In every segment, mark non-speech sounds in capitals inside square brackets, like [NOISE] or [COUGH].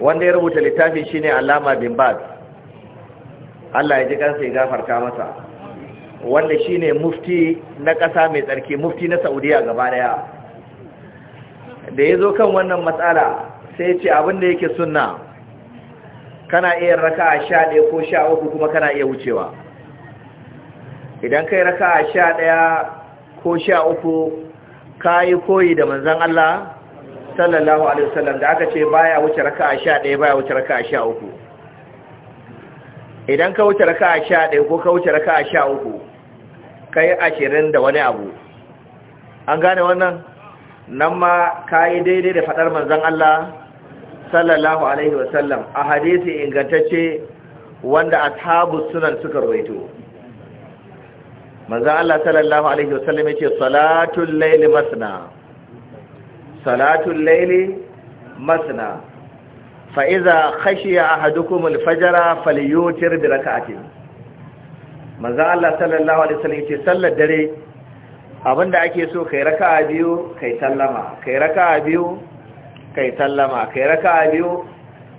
wanda ya rubuta littafi shine Allama bin Baz Allah ya ji kansa ya gafarta masa wanda shine mufti na ƙasa mai tsarki mufti na Saudiya gaba daya da yazo kan wannan matsala sai ya ce abin da yake sunna kana iya raka'a 11 ko 13 kuma kana iya wucewa idan kai sha 11 ko 13 kai koyi da manzon Allah sallallahu alaihi wasallam da aka ce baya wuce raka'a 11 baya wuce raka'a 13 idan ka wuce raka'a 11 ko ka wuce raka'a 13 kai 20 da wani abu an gane wannan nan ma kai daidai da fadar manzon Allah sallallahu alaihi wasallam a hadisi ingantacce wanda ashabu sunan suka rawaito manzon Allah sallallahu alaihi wasallam yace salatul layli masna salatun laili masna fa iza khashiya ahadukum al-fajr falyutir bi rak'atin manzo Allah sallallahu alaihi wasallam ce sallar dare abinda ake so kai raka'a biyu kai sallama kai raka'a biyu kai sallama kai raka'a biyu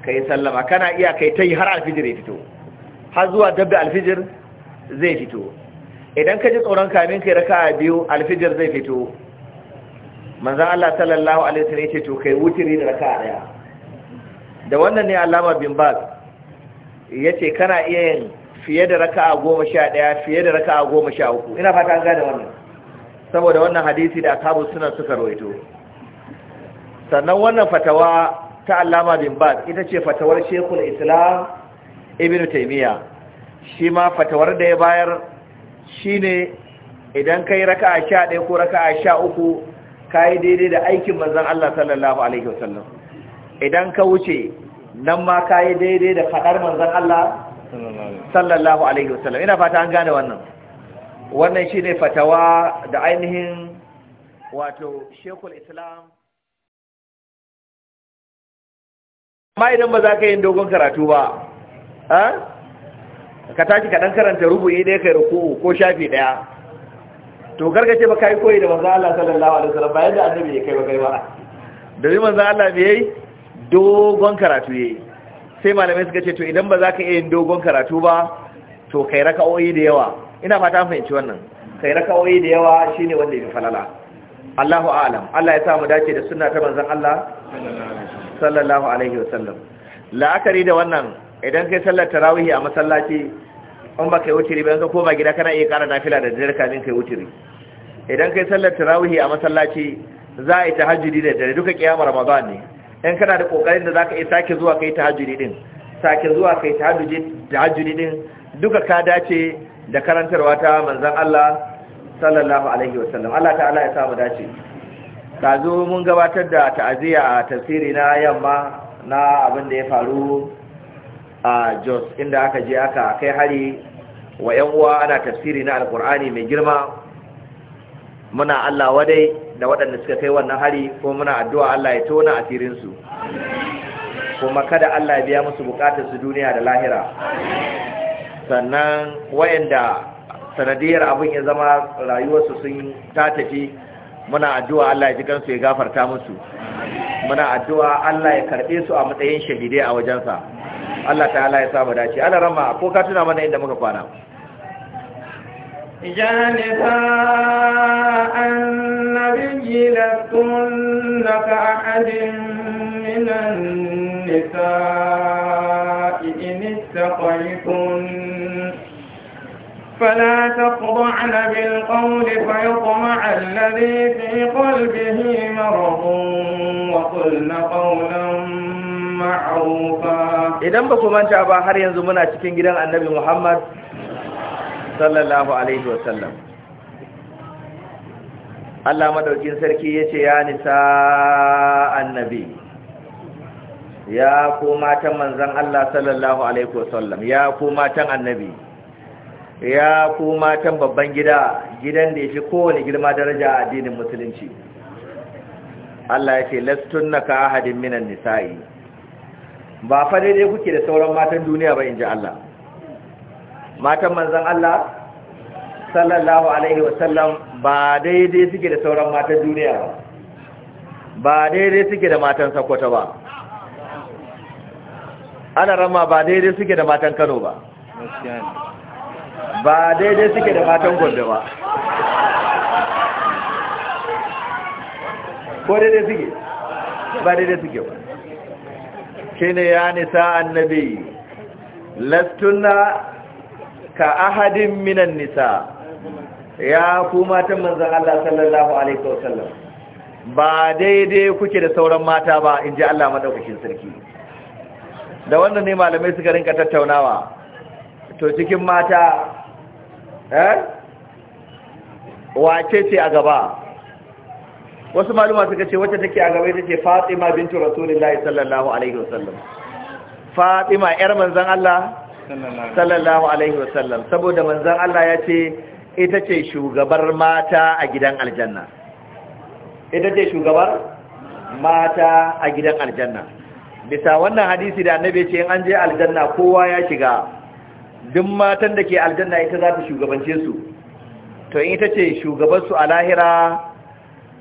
kai sallama kana iya kai tai har alfijir ya fito har zuwa dabda alfijir zai fito idan ka ji tsoron kamin kai raka'a biyu alfijir zai fito manzan Allah sallallahu alaihi wasallam yace to kai wuturi da a daya da wannan ne alama bin baz yace kana iya yin fiye da sha 11 fiye da sha 13 ina fata an gane wannan saboda wannan hadisi da akabu suna suka rawaito sannan wannan fatawa ta alama bin bas ita ce fatawar shekul islam ibn taymiya shi ma fatawar da ya bayar shine idan kai raka'a 11 ko raka'a uku. kai daidai da aikin manzon Allah sallallahu alaihi wasallam idan ka wuce nan ma kai daidai da fadar manzon Allah sallallahu alaihi wasallam ina fata an gane wannan wannan shine fatawa da ainihin wato Sheikhul Islam amma idan ba za ka yin dogon karatu ba eh, ka tashi ka dan karanta rubu'i ɗaya kai ruku ko shafi ɗaya to gargace ba kai koyi da manzo Allah sallallahu alaihi wasallam bayan da annabi ya kai ba kai ba da manzo Allah bai yi dogon karatu yayi sai malamai suka ce to idan ba za ka iya dogon karatu ba to kai raka'o'i da yawa ina fata fahimci wannan kai raka'o'i da yawa shine wanda yake falala Allahu a'lam Allah ya sa mu dace da sunna ta manzo Allah sallallahu alaihi wasallam la'akari da wannan idan kai sallar tarawih a masallaci in ba ka yi wuturi bayan ka koma gida kana iya ƙara nafila da dare kamin ka yi wuturi idan kai sallar tarawihi a masallaci za a yi tahajjudi da dare duka kiyama ramadan ne in kana da kokarin da zaka iya sake zuwa kai tahajjudi din sake zuwa kai tahajjudi tahajjudi din duka ka dace da karantarwa ta manzon Allah sallallahu alaihi wasallam Allah ta'ala ya samu dace kazo mun gabatar da ta'aziyya a tafsiri na yamma na abin da ya faru a jos inda aka je aka kai hari wa 'yan uwa ana tafsiri na alkur'ani mai girma muna Allah wadai da waɗanda suka kai wannan hari ko muna addu'a Allah ya tona asirinsu kuma kada Allah ya biya musu su duniya da lahira sannan wayanda sanadiyar abun ya zama rayuwarsu sun ta tafi muna addu'a Allah ya ji kansu ya gafarta musu muna addu'a Allah ya karɓe su a matsayin shahidai a wajensa Allah ta'ala ya samu dace ana rama ko ka tuna mana inda muka kwana يا نساء النبي ka ahadin minan nisa إن اتقيتن فلا تخضعن بالقول فيطمع الذي في قلبه مرض وقلن قولا ma'rufa idan ba ku manta ba har yanzu muna cikin gidan annabi Muhammad sallallahu alaihi wa sallam Allah madaukin sarki yace ya nisa annabi ya ku matan manzon Allah sallallahu alaihi wa sallam ya ku matan annabi ya ku matan babban gida gidan da ya fi kowane girma daraja a addinin musulunci Allah ya ce lastunna ka ahadin minan nisa'i ba fa daidai kuke da sauran matan duniya ba in ji Allah matan manzan Allah sallallahu alaihi wasallam ba daidai suke da sauran matan duniya ba ba daidai suke da matan sakwata ba ana rama ba daidai suke da matan kano ba ba daidai suke da matan gombe ba ko daidai suke ba daidai suke ba shine ya nisa annabi lastunna ka ahadin minan nisa ya ku matan manzon Allah sallallahu alaihi wasallam ba daidai kuke da sauran mata ba inji Allah madaukakin sarki da wannan ne malamai suka rinka tattaunawa to cikin mata eh wace ce a gaba wasu maluma suka ce wacce take a gaba ita ce Fatima bintu Rasulullahi sallallahu alaihi wasallam Fatima yar manzon Allah sallallahu alaihi wasallam saboda manzon Allah ya ce ita ce shugabar mata a gidan aljanna ita ce shugabar mata a gidan aljanna bisa wannan hadisi da annabi ce in an je aljanna kowa ya shiga duk matan da ke aljanna ita za ta shugabance su to in ita ce shugabansu a lahira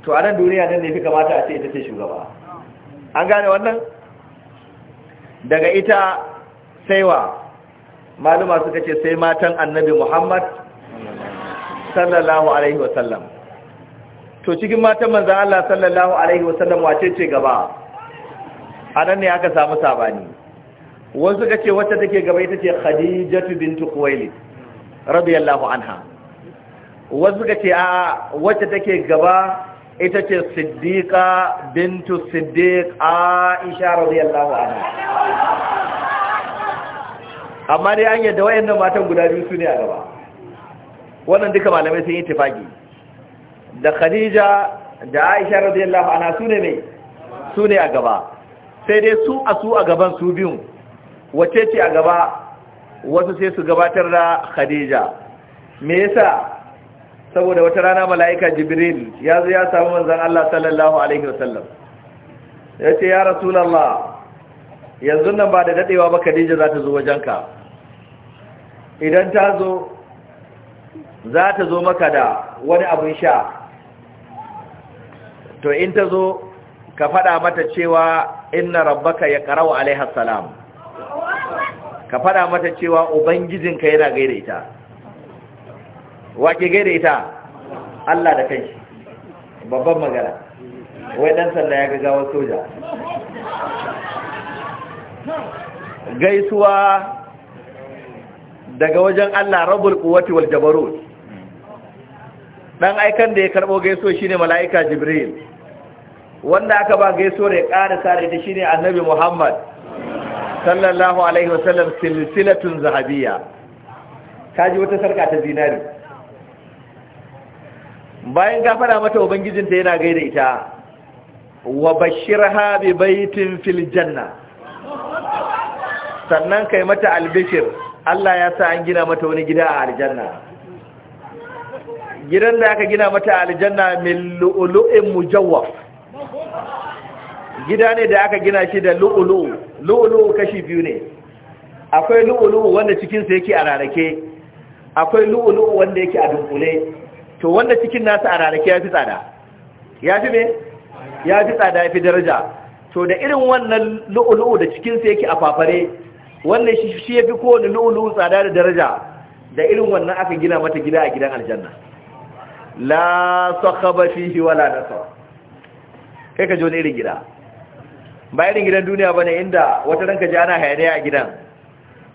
to a nan duniya nan ne fi kamata a ce ita ce shugaba an gane wannan daga ita saiwa maluma suka ce sai matan annabi muhammad sallallahu alaihi wasallam to cikin matan manzan Allah sallallahu alaihi wasallam wace ce gaba a nan ne aka samu sabani wani suka ce wacce take gaba ita ce khadijatu bintu kuwaili radiyallahu anha wasu suka ce a wacce take gaba ita ce siddiƙa bintu a aisha radiyallahu anha amma dai an yadda wayannan matan guda biyu su ne a gaba wannan duka malamai sun yi tafaki da khadija da aisha radiyallahu anha su ne mai su ne a gaba sai dai su a su a gaban su biyun wace ce a gaba wasu sai su gabatar da khadija me yasa saboda wata rana mala'ika jibril ya zo ya samu manzan Allah sallallahu alaihi wasallam ya ce ya rasulallah yanzu nan ba da dadewa ba Khadija za ta zo wajenka idan ta zo za ta zo maka da wani abun sha to in ta zo ka faɗa mata cewa inna rabbaka ya karau alaihi ka faɗa mata cewa ubangijinka yana gaida ita wake gaida ita Allah da kai babban magana wai dan sanda ya gagawa soja gaisuwa daga wajen Allah rabbul quwwati wal jabarut dan aikan da ya karbo gaisuwa shine malaika jibril wanda aka ba gaisuwar ya ƙara sare da shine annabi muhammad sallallahu alaihi wasallam silsilatun zahabiyya kaji wata sarka ta zinari bayan ka fada mata ubangijinta yana gaida ita wa bashirha bi baitin fil janna sannan kai mata albishir Allah ya sa an gina mata wani gida a aljanna gidan da aka gina mata aljanna min lu'lu'in mujawwaf gida ne da aka gina shi da lu'lu'u lu'lu'u kashi biyu ne akwai lu'lu'u wanda cikin sa yake a rarake akwai lu'lu'u wanda yake a dunkule to wanda cikin nasa a ranake ya fi tsada ya fi ne? ya fi tsada ya fi daraja to da irin wannan lu'ulu'u da cikinsa yake a fafare wannan shi ya fi kowane lu'ulu'u tsada da daraja da irin wannan aka gina mata gida a gidan aljanna la sakhaba fihi wala nasab kai ka jo irin gida ba irin gidan duniya bane inda wata ranka ji ana hayaniya a gidan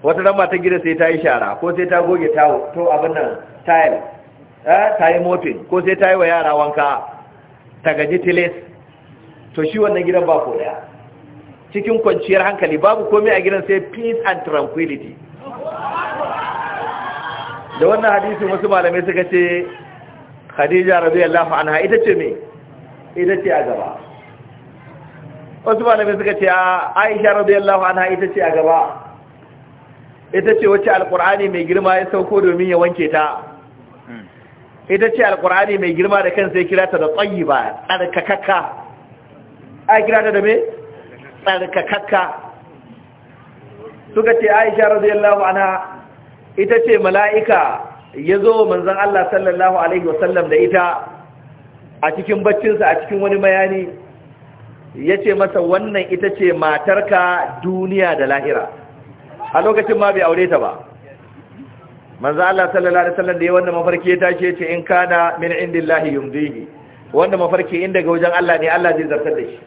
wata ran mata gida sai ta yi shara ko sai ta goge tawo to abin nan tile Eh, ta yi motin ko sai ta yi wa yara wanka ta gaji tilis to shi wannan gidan ba ko daya cikin kwanciyar hankali babu komai a gidan sai peace and tranquility da wannan hadisi wasu malamai suka ce khadija radiyallahu anha ita ce me ita ce a gaba wasu malamai suka ce aisha radiyallahu anha ita ce a gaba ita ce wacce alkur'ani mai girma ya sauko domin ya wanke ta ita ce alkur'ani mai girma da kan sai kirata da tsayi ba tsarkakakka a kirata da mai tsarkakakka suka ce aisha radiyallahu ana ita ce mala'ika ya zo manzan Allah sallallahu alaihi wasallam da ita a cikin baccinsa a cikin wani bayani ya ce masa wannan ita ce matarka duniya da lahira a lokacin ma bai aure ta ba manzo Allah sallallahu alaihi wasallam da ya wanda mafarki ya tashi ce in kana min indillahi yumdihi wanda mafarki in daga wajen Allah ne Allah zai zartar da shi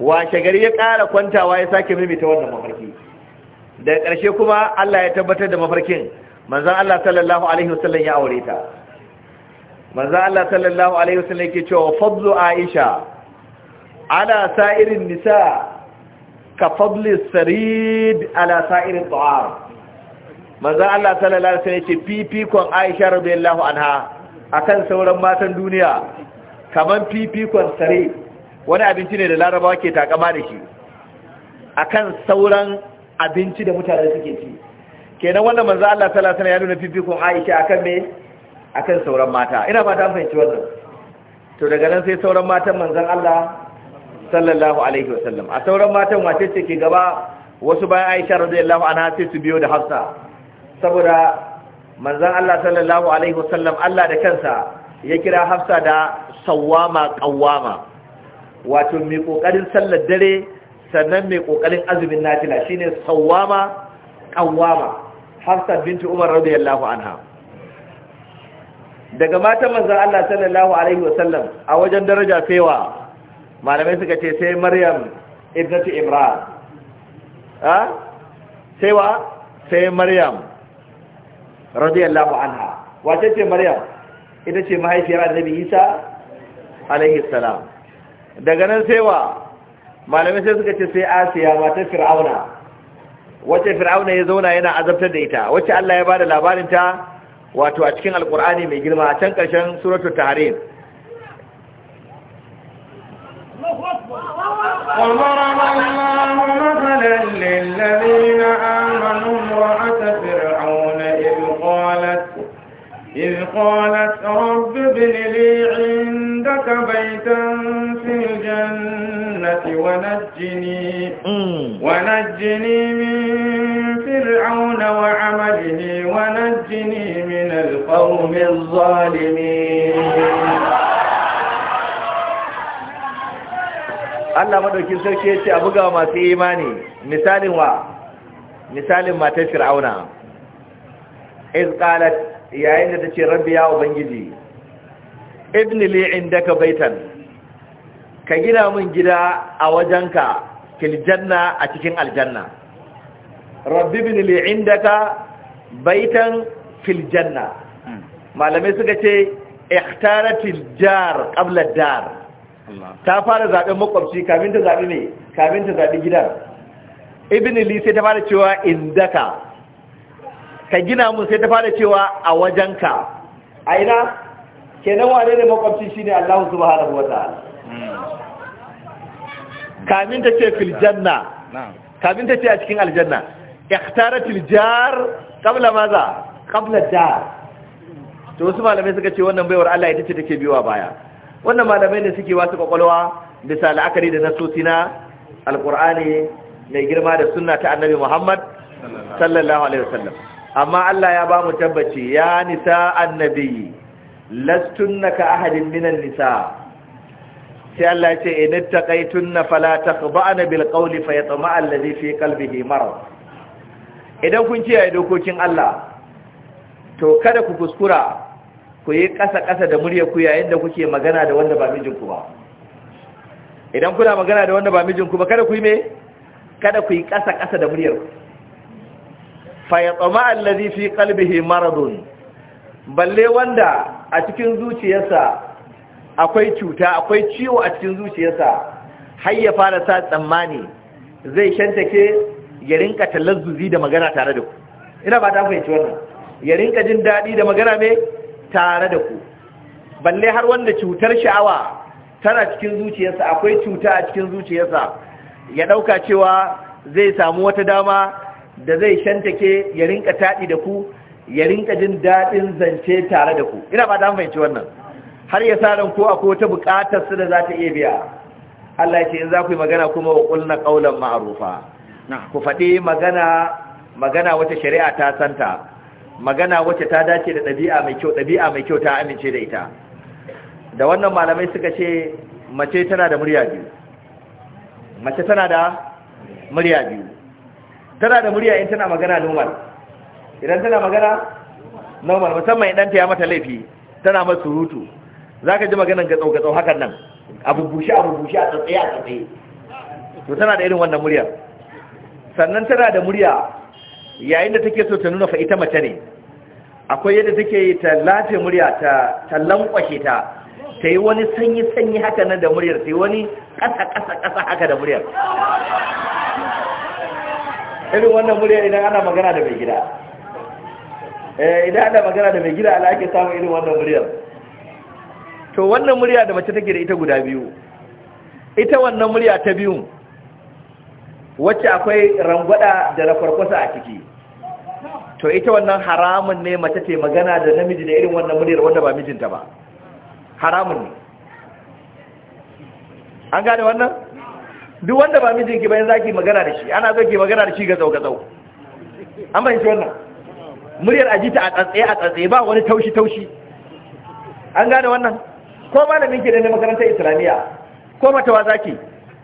washe gari ya kara kwantawa ya sake mimita wannan mafarki da ƙarshe kuma Allah ya tabbatar da mafarkin manzo Allah sallallahu alaihi wasallam ya aure ta manzo Allah sallallahu alaihi wasallam yake cewa fadlu Aisha ala sa'irin nisa ka fadli sarid ala sa'irin tu'ar manzan Allah sallallahu alaihi wasallam ce fifikon Aisha radiyallahu anha akan sauran matan duniya kaman fifikon sare wani abinci ne da Larabawa ke takama da shi akan sauran abinci da mutane suke ci kenan wannan manzan Allah sallallahu alaihi wasallam ya nuna fifikon Aisha akan me akan sauran mata ina fata an fahimci wannan to daga nan sai sauran matan manzan Allah sallallahu alaihi wasallam a sauran matan wace ke gaba wasu bayan Aisha radiyallahu anha sai su biyo da Hafsa saboda manzan Allah sallallahu alaihi wasallam Allah da kansa ya kira Hafsa da sawama qawama wato mai ƙoƙarin sallar dare sannan mai ƙoƙarin azumin nafila shine sawama qawama Hafsa binti Umar radiyallahu anha daga matan manzan Allah sallallahu alaihi wasallam a wajen daraja fewa malamai suka ce sai Maryam ibnatu Imran ah? sai wa sai Maryam radiyallahu anha wace ce maryam ita ce mahaifiyar annabi isa alaihi salam daga nan sai wa malamai sai suka ce sai asiya matar fir'auna wace fir'auna ya zauna yana azabtar da ita wace Allah ya bada labarin ta wato a cikin alkur'ani mai girma a can karshen suratul tahrim وضرب الله مثلا للذين قالت رب ابن لي عندك بيتا في الجنة ونجني ونجني من فرعون وعمله ونجني من القوم الظالمين Allah madaukin sarki yace a buga masu imani misalin wa misalin matar Fir'auna iz qalat yayin da ta ce rabbi ya ubangiji ibni li indaka baitan ka gina min gida a wajenka fil janna a cikin aljanna rabbi ibni li indaka baitan fil janna hmm. malamai suka ce ikhtaratil jar qabla dar ta fara zaben makwabci kafin ta zabi ne kafin ta zabi gidan ibni li sai ta fara cewa indaka ka gina mun sai ta fara cewa a wajenka a ina kenan wane ne makwabci shine Allah subhanahu wataala kamin ta ce filjanna kamin ta ce a cikin aljanna ikhtaratil jar kabla maza kabla dar to wasu malamai suka ce wannan baiwar Allah ita ce take biyowa baya wannan malamai ne suke wasu kwakwalwa bisa la'akari da nasosi na alqur'ani mai girma da sunna ta annabi Muhammad sallallahu alaihi wasallam amma Allah ya ba mu tabbaci ya nisa annabi lastunna ka ahadin minan nisa sai Allah ya ce in taqaytunna fala takhba'na bil qawli fayatma'a alladhi fi qalbihi marad idan kun kiyaye dokokin Allah to kada ku kuskura ku yi ƙasa-ƙasa da murya ku yayin da kuke magana da wanda ba mijinku ba idan kuna magana da wanda ba mijinku ba kada ku yi me kada ku yi ƙasa-ƙasa da muryarku fa yatma allazi fi qalbihi maradun balle wanda a cikin zuciyarsa akwai cuta akwai ciwo a cikin zuciyarsa har ya fara sa tsammani zai shantake ya rinka talazzuzi da magana tare da ku ina ba ta fahimci wannan ya rinka jin daɗi da magana mai tare da ku balle har wanda cutar sha'awa tana cikin zuciyarsa akwai cuta a cikin zuciyarsa ya ɗauka cewa zai samu wata dama da zai shantake ya rinka taɗi da ku ya rinka jin daɗin zance tare da ku ina ba ta amince wannan har ya sa ran ko akwai wata buƙatar su da za ta iya biya Allah ya ce in za ku yi magana kuma wa ƙulna ƙaunar ma'arufa ku faɗi magana magana wacce shari'a ta santa magana wacce ta dace da ɗabi'a mai kyau ɗabi'a mai kyau ta amince da ita da wannan malamai suka ce mace tana da murya biyu mace tana da murya biyu tana da murya in tana magana normal idan tana magana normal musamman idan ta ya mata laifi tana mata surutu ka ji maganan gatsau gatsau hakan nan abu bushe abu bushe a tsatsaye a tsatsaye to tana da irin wannan murya sannan tana da murya yayin da take so ta nuna fa ita mace ne akwai yadda take ta lafe murya ta ta lankwashe ta ta yi wani sanyi sanyi haka nan da muryar ta yi wani ƙasa ƙasa ƙasa haka da muryar irin wannan murya idan ana magana da mai gida eh, idan ana magana da mai gida ala ake samun irin wannan muryar to wannan murya da mace take da ita guda biyu ita wannan murya ta biyu wacce akwai rangwada da rafarkwasa a ciki to ita wannan haramun ne mace ce magana da namiji da irin wannan muryar wanda ba mijinta ba haramun ne an gane wannan duk wanda ba mijinki bayan zaki magana da shi ana ke magana da shi ga tsau ga tsau an bayyance wannan muryar ajita a tsatsaye a tsatsaye ba wani taushi taushi an gane wannan ko malamin minke da ne makarantar islamiyya ko matawa zaki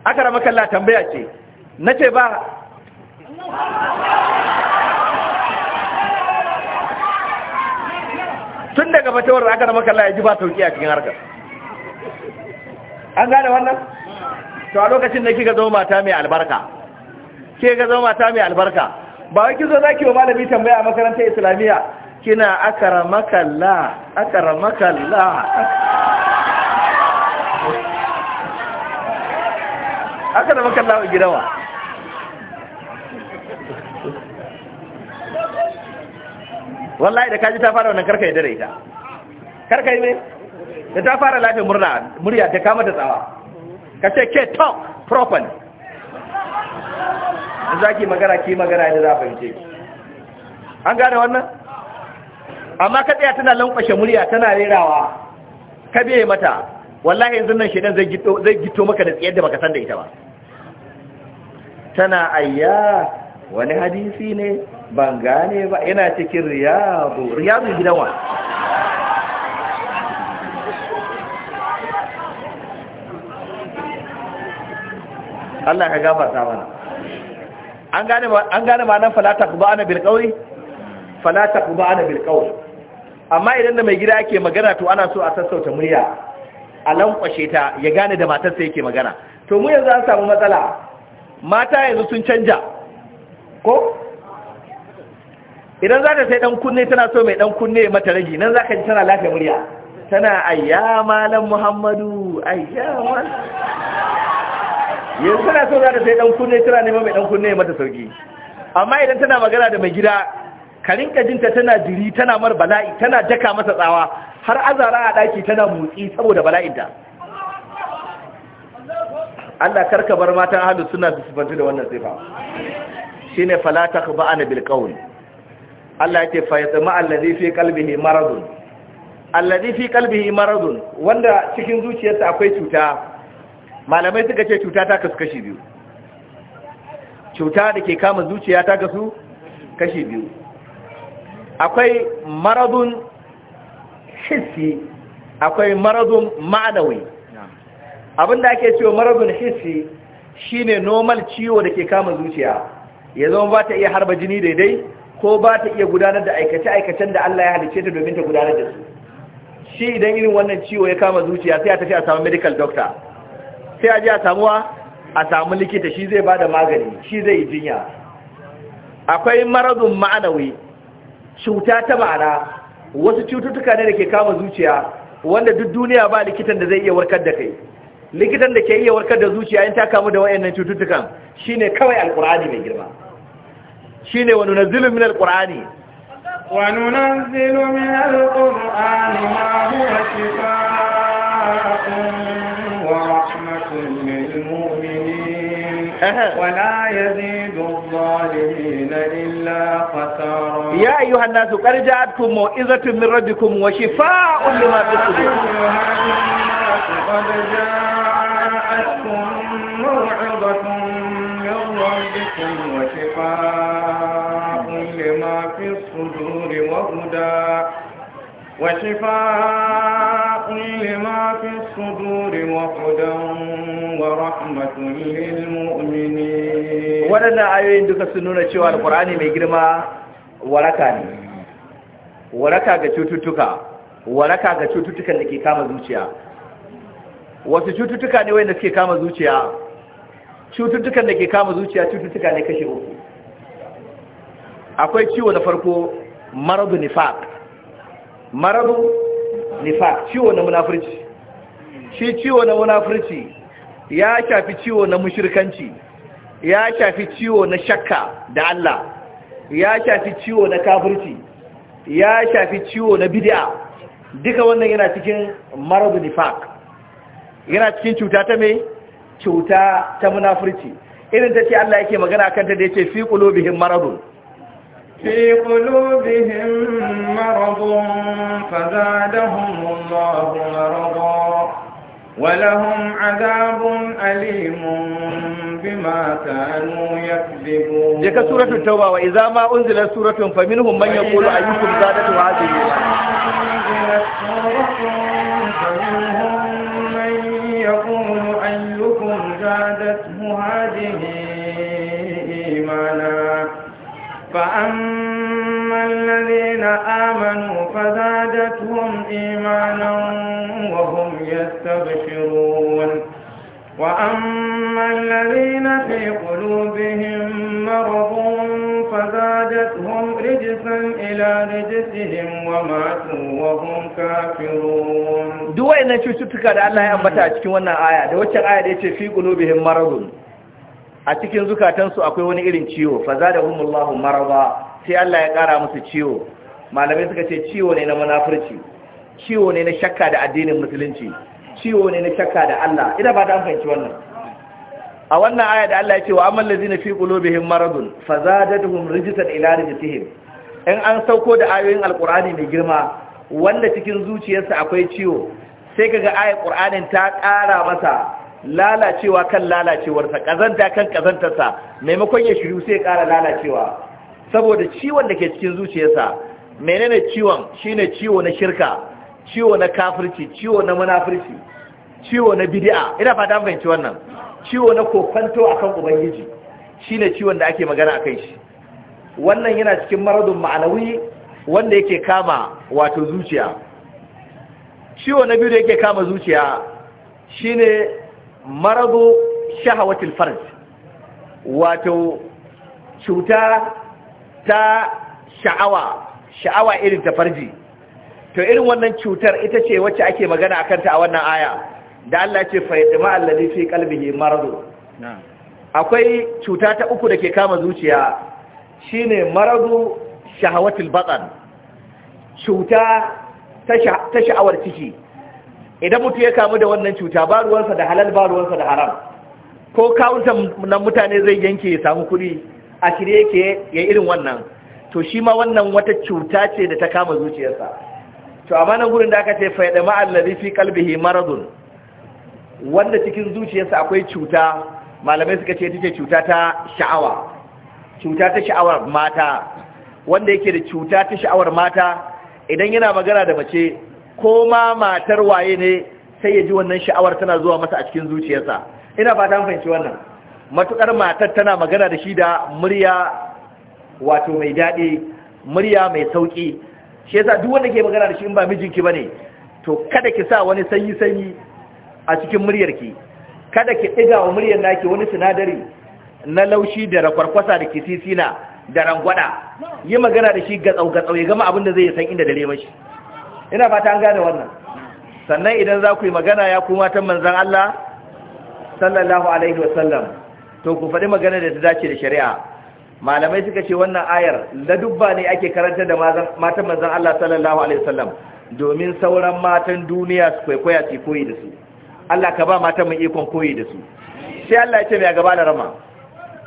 aka rama kalla tambaya ce na ce ba tun daga batawar aka rama kalla ya ji ba tauki a cikin harkar an gane wannan to a lokacin da kika zama mata mai albarka kika zama mata mai albarka ba wai kizo zaki wa malami tambaya a makarantar islamiyya kina akaramakalla akaramakalla akaramakalla wa gidawa wallahi da kaji ta fara wannan karka ya dare ta karka yi ne da ta fara lafiya murya ta kama ta tsawa ka ce ke talk properly za ki magana ki magana da za a fahimce ki an gane wannan amma ka tsaya tana lankwashe murya tana rerawa ka biye mata wallahi yanzu nan shedan zai gito zai gito maka da tsiyar da baka san da ita ba tana ayya wani hadisi ne ban gane ba yana cikin riyadu riyadu gidan wa Allah ka gafarta mana an gane an gane ma nan fala ana bil qawli fala ana bil qawli amma idan da mai gida yake magana to ana so a sassauta murya a lankwashe ta ya gane da matarsa yake magana to mu yanzu an samu matsala mata yanzu sun canja ko idan za ta sai dan kunne tana so mai dan kunne mata ragi nan za ji tana lafiya murya tana ayya malam muhammadu ayya yanzu tana so za ta sai dan kunne tana neman mai dan kunne ya mata sarki amma idan tana magana da mai gida karin kajinta tana jiri tana mar bala'i tana daka masa tsawa har azara a daki tana motsi saboda bala'inta Allah karka bar matan ahlus sunna su sifantu da wannan sifa shine fala takhba'ana bil qawl Allah yake fa yatma allazi fi qalbihi maradun allazi fi qalbihi maradun wanda cikin zuciyarsa akwai cuta malamai suka ce cuta ta kasu kashi biyu cuta da ke kama zuciya ta kasu kashi biyu akwai maradun hissi akwai maradun ma'anawi abinda ake cewa maradun hissi shine normal ciwo da ke kama zuciya ya zama ba ta iya harba jini daidai ko ba ta iya gudanar da aikace-aikacen da Allah ya halice ta domin ta gudanar da su shi idan irin wannan ciwo ya kama zuciya sai a tafi a samu medical doctor sai a je a samuwa a samu likita shi zai ba da magani shi zai yi jinya akwai marazin ma'anawi cuta ta ma'ana wasu cututtuka ne da ke kama zuciya wanda duk duniya ba likitan da zai iya warkar da kai likitan da ke iya warkar da zuciya in ta kamu da wayannan cututtukan shine kawai Alƙur'ani mai girma shine wa nunazzilu min alqur'ani wa nunazzilu min alqur'ani ma huwa shifaa ولا يزيد الظالمين إلا خسارا يا أيها الناس قد جاءتكم موعظة من ربكم وشفاء لما في الصدور يا أيها الناس قد جاءتكم موعظة من ربكم وشفاء لما في الصدور وهدى وشفاء لما في الصدور وهدى رحمة للمؤمنين ولنا آيوين دوكا سنونة mai girma waraka ne. waraka ga cututtuka waraka ga cututtukan da ke kama zuciya wasu cututtuka ne wanda suke kama zuciya cututtukan da ke kama zuciya cututtuka ne kashe uku akwai ciwo na farko maradu nifaq maradu nifaq ciwo na munafurci shi ciwo na munafurci ya shafi ciwo na mushirkanci ya shafi ciwo na shakka da Allah ya shafi ciwo na kafirci ya shafi ciwo na bid'a duka wannan yana cikin marad nifaq yana cikin cuta ta me cuta ta munafurci irin ta ce Allah yake magana kanta da yace fi qulubihim maradun في قلوبهم مرض فزادهم Allahu مرضا ولهم عذاب أليم بما كانوا يكذبون ديك سورة التوبة وإذا ما أنزلت سورة فمنهم من يقول أيكم زادته هذه أنزلت سورة فمنهم من يقول أيكم زادته هذه إيمانا فأما الذين آمنوا فزادتهم إيمانا وهم يستبشرون وأما الذين في قلوبهم مرض فزادتهم رجسا إلى رجسهم وماتوا وهم كافرون دواء نشو ستكا da Allah ya ambata a cikin wannan aya da waccan aya da a cikin zukatansu akwai wani irin ciwo fa fazadahumullahu marada sai Allah ya kara musu ciwo malamai suka ce ciwo ne na munafurci ciwo ne na shakka da addinin musulunci ciwo ne na shakka da Allah ina ba ta fahimci wannan a wannan aya da Allah ya ce wa amman lazina fi qulubihim maradun fazadatuhum rijsan ila rijsihim in an sauko da ayoyin alqur'ani mai girma wanda cikin zuciyarsa akwai ciwo sai kaga ayar qur'anin ta ƙara masa lalacewa kan lalacewarsa kazanta kan ƙazantarsa maimakon ya shiru sai ƙara lalacewa saboda ciwon da ke cikin zuciyarsa menene ciwon shine ciwo na shirka ciwo na kafirci ciwo na munafirci ciwo na bid'a ina fata an fahimci wannan ciwo na kokanto akan ubangiji shine ciwon da ake magana akai shi wannan yana cikin maradun ma'anawi wanda yake kama wato zuciya ciwo na biyu da yake kama zuciya shine maradu shahawatul farj wato cuta ta sha'awa sha'awa irin ta farji to irin wannan cutar ita ce wacce ake magana akan ta a wannan aya da Allah ce fa yadma allazi fi qalbihi maradu. akwai cuta ta uku da ke kama zuciya shine maradu shahawatul batan cuta ta sha'awar ciki idan mutum ya kamu da wannan cuta ba ruwansa da halal ba ruwansa da haram ko kawuntan na mutane zai yanke ya samu kuɗi a shirye yake ya irin wannan to shi ma wannan wata cuta ce da ta kama zuciyarsa to amma nan gurin da aka ce fa ma'al ladhi fi qalbihi maradun wanda cikin zuciyarsa akwai cuta malamai suka ce tace cuta ta sha'awa cuta ta sha'awar mata wanda yake da cuta ta sha'awar mata idan yana magana da mace ko ma matar waye ne sai ya ji wannan sha'awar tana zuwa masa a cikin zuciyarsa ina fata an fahimci wannan matukar matar tana magana da shi da murya wato mai daɗi murya mai sauƙi shi yasa duk wanda ke magana da shi in ba mijinki bane to kada ki sa wani sanyi sanyi a cikin muryarki kada ki diga wa muryar naki wani sinadari na laushi da rakwarkwasa da kisisina da rangwada yi magana da shi gatsau gatsau ya gama abin da zai san inda dare mashi ina fata an gane wannan sannan idan za ku yi magana ya kuma ta manzan Allah sallallahu alaihi wasallam to ku faɗi magana da ta dace da shari'a malamai suka ce wannan ayar ladubba ne ake karanta da matan manzon Allah sallallahu alaihi wasallam domin sauran matan duniya su kwaikwaya su koyi da su Allah ka ba matan mu ikon koyi da su sai Allah ya ce mai gaba da rama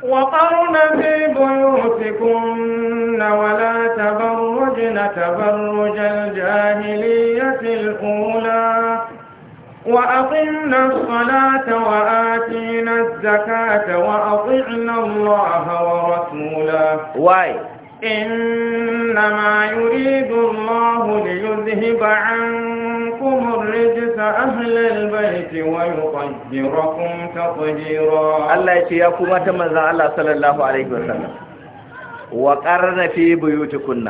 وقرن في بيوتكن ولا تبرجن تبرج الجاهلية الأولى وأقمنا الصلاة وآتينا الزكاة وأطعنا الله ورسوله واي إنما يريد الله ليذهب عنكم الرجس أهل البيت ويطهركم تطهيرا الله يتياكم أتمنى الله صلى الله عليه وسلم وقرن في بيوتكن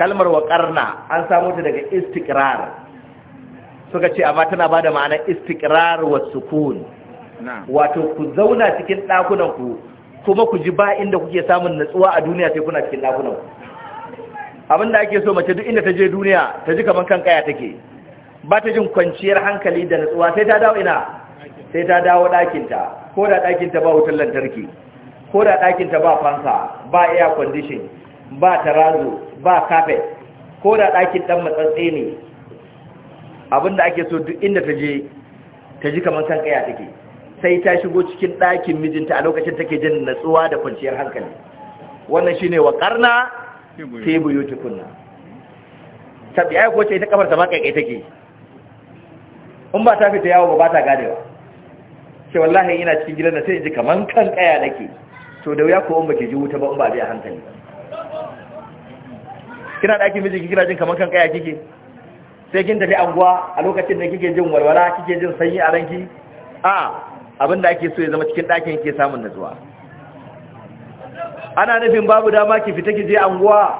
kalmar waƙarna an samu ta daga istikrar suka ce amma tana ba da ma'anar istikrar wa sukun wato ku zauna cikin ɗakunanku kuma ku ji ba inda kuke samun natsuwa a duniya sai kuna cikin ɗakunan abinda ake so mace duk inda ta je duniya ta ji kaman kan kaya take ba ta jin kwanciyar hankali da natsuwa sai ta dawo ina sai ta dawo ɗakinta ko da ɗakinta ba wutar lantarki ko da ɗakinta ba fansa ba air condition ba tarazo ba carpet ko da ɗakin ɗan matsatsi ne abinda ake so duk inda ta je ta ji kamar kan kaya take sai ta shigo cikin ɗakin mijinta a lokacin take jin natsuwa da kwanciyar hankali wannan shine wa karna fi buyutikunna tabi ai ko ce ita kamar ta ma kai take in ba ta fita yawo ba ba ta gadewa ce wallahi ina cikin gidan da sai ji kamar kan kaya nake to da wuya ko in baki ji wuta ba in ba bi a hankali kina ɗakin mijinki kina jin kamar kan kaya kike sai kin tafi anguwa a lokacin da kike jin walwala kike jin sanyi a ranki a abinda ake so ya zama cikin ɗakin ke samun natsuwa ana nufin babu dama ki fita ki je anguwa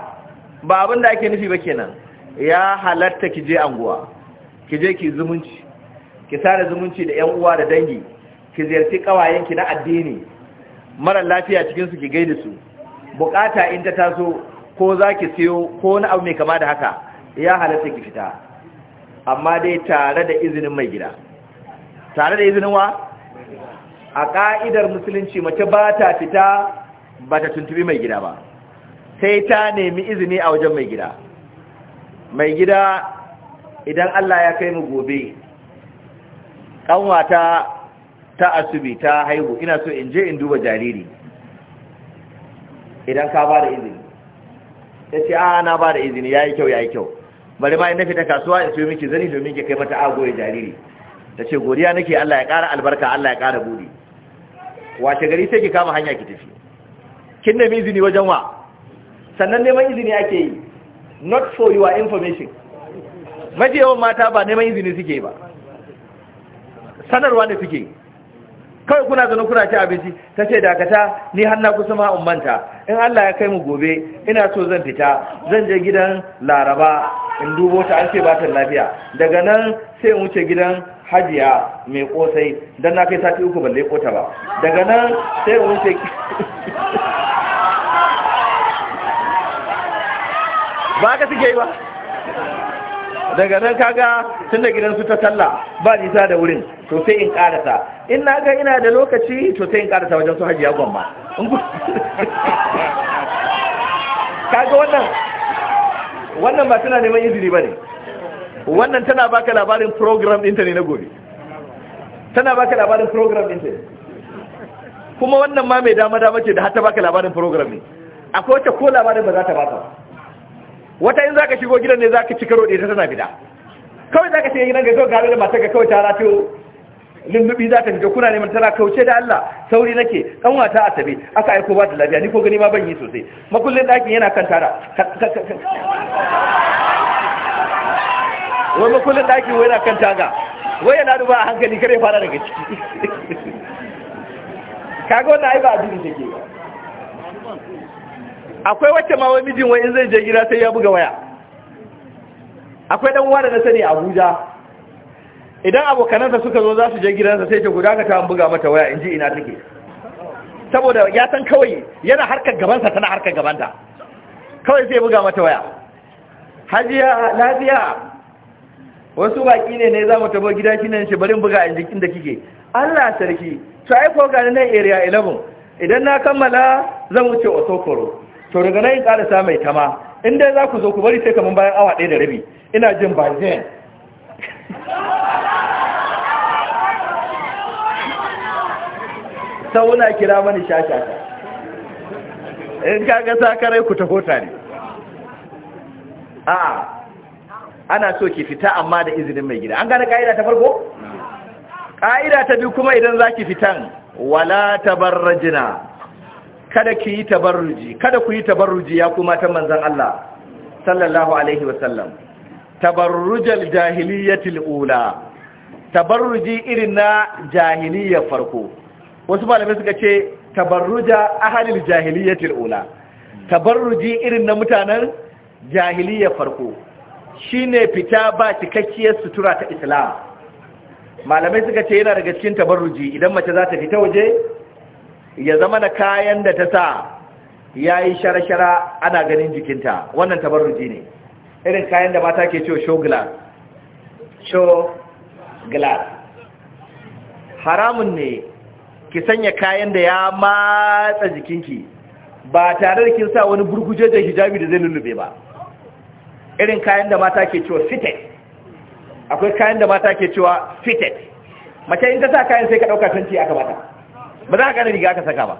ba abinda ake nufi ba kenan ya halatta ki je anguwa ki je ki zumunci ki sare zumunci da ƴan uwa da dangi ki ziyarci ƙawayenki na addini mara lafiya cikin su ki gaida su bukata in ta taso ko zaki siyo ko wani abu mai kama da haka ya halatta ki fita amma dai tare da izinin mai gida tare da izinin wa a ƙa'idar musulunci mace ba ta fita ba ta tuntubi mai gida ba sai ta nemi izini a wajen mai gida mai gida idan Allah ya kai mu gobe ƙanwata ta asubi ta haihu ina so in je in duba jariri idan ka ba da izini ya ce a na ba da izini ya yi kyau ya yi kyau bari ma na fita kasuwa in sayo miki zani domin ki kai mata ago ya jariri ta ce godiya nake Allah ya ƙara albarka Allah ya ƙara buɗe wace gari sai ki kama hanya ki tafi kin nemi izini wajen wa sannan neman izini ake yi not for your information mafi yawan mata ba neman izini suke ba sanarwa ne suke kawai kuna zanen kuna ci abinci ta ce dakata ni hanna kusa ma ummanta in Allah ya kai mu gobe ina so zan fita zan je gidan laraba in dubo ta an ce ba ta lafiya daga nan sai in wuce gidan hajiya mai kosai don na kai sati uku balle kota ba daga nan sai in wuce [LAUGHS] ba ka suke yi ba daga nan kaga tun da gidansu ta talla ba nisa da wurin to sai in karasa in na ga ina da lokaci to sai in karasa wajen su hajiya gwamma [LAUGHS] kaga wannan wannan ba tana neman izini ba ne wannan tana baka labarin program ɗinta ne na gobe tana baka labarin program ɗinta kuma wannan ma mai dama dama ce da har ta baka labarin program ne akwai wacce ko labarin ba za ta baka ba wata in zaka shigo gidan ne zaka ci karo da ita tana gida. kawai zaka shiga gidan ga kawai gare da matar ga kawai ta rato lullubi za ta shiga kuna neman tana kauce da Allah sauri nake kan wata asabe aka aiko ba da lafiya ni ko gani ma ban yi sosai makullin ɗakin yana kan tara wai makullin ɗakin wai yana kan taga wai yana duba a hankali kare fara daga ciki [LAUGHS] kaga wannan ai ba da take ba akwai wacce ma wani mijin wai in zai je gida sai ya buga waya akwai dan uwa da na sani Abuja idan abokanansa suka zo za su je gidansa sai ce guda ka ta buga mata waya in ji ina take saboda ya san kawai yana harkar gabansa tana harkar gabanta kawai sai buga mata waya hajiya lafiya wasu baki ne ne za mu tabo gida shi nan shi barin buga in jikin da kike Allah sarki to ai ko ga nan area 11 idan na kammala zan wuce Osokoro to daga nan karasa mai tama in dai za ku zo ku bari sai kaman bayan awa ɗaya da rabi ina jin ba zan sauna kira mani shata. in kaga sakarai ku taho tare a ana so ki fita amma da izinin mai gida an gane ka'ida ta farko ka'ida mm. ta biyu kuma idan za ki fitan wala rajina. kada ki yi tabarruji kada ku yi tabarruji ya kuma ta manzon Allah sallallahu alaihi wasallam tabarrujal jahiliyatil ula tabarruji irin na jahiliyar farko wasu malamai suka ce tabarruja ahalil jahiliyatil ula tabarruji irin na mutanen jahiliyar farko shine fita ba cikakkiyar sutura ta islam malamai suka ce yana daga cikin tabarruji idan mace za ta fita waje ya zama da kayan da ta sa ya yi shara-shara ana ganin jikinta wannan tabarruji ne irin kayan da mata ke ciwo show glass show glass haramun ne ki sanya kayan da ya matsa jikinki ba tare da kin sa wani burguje da hijabi da zai lullube ba irin kayan da mata ke cewa fitted akwai kayan da mata ke cewa fitted mace in ta sa kayan sai ka ɗauka tanti aka mata ba za ka ƙara riga aka saka ba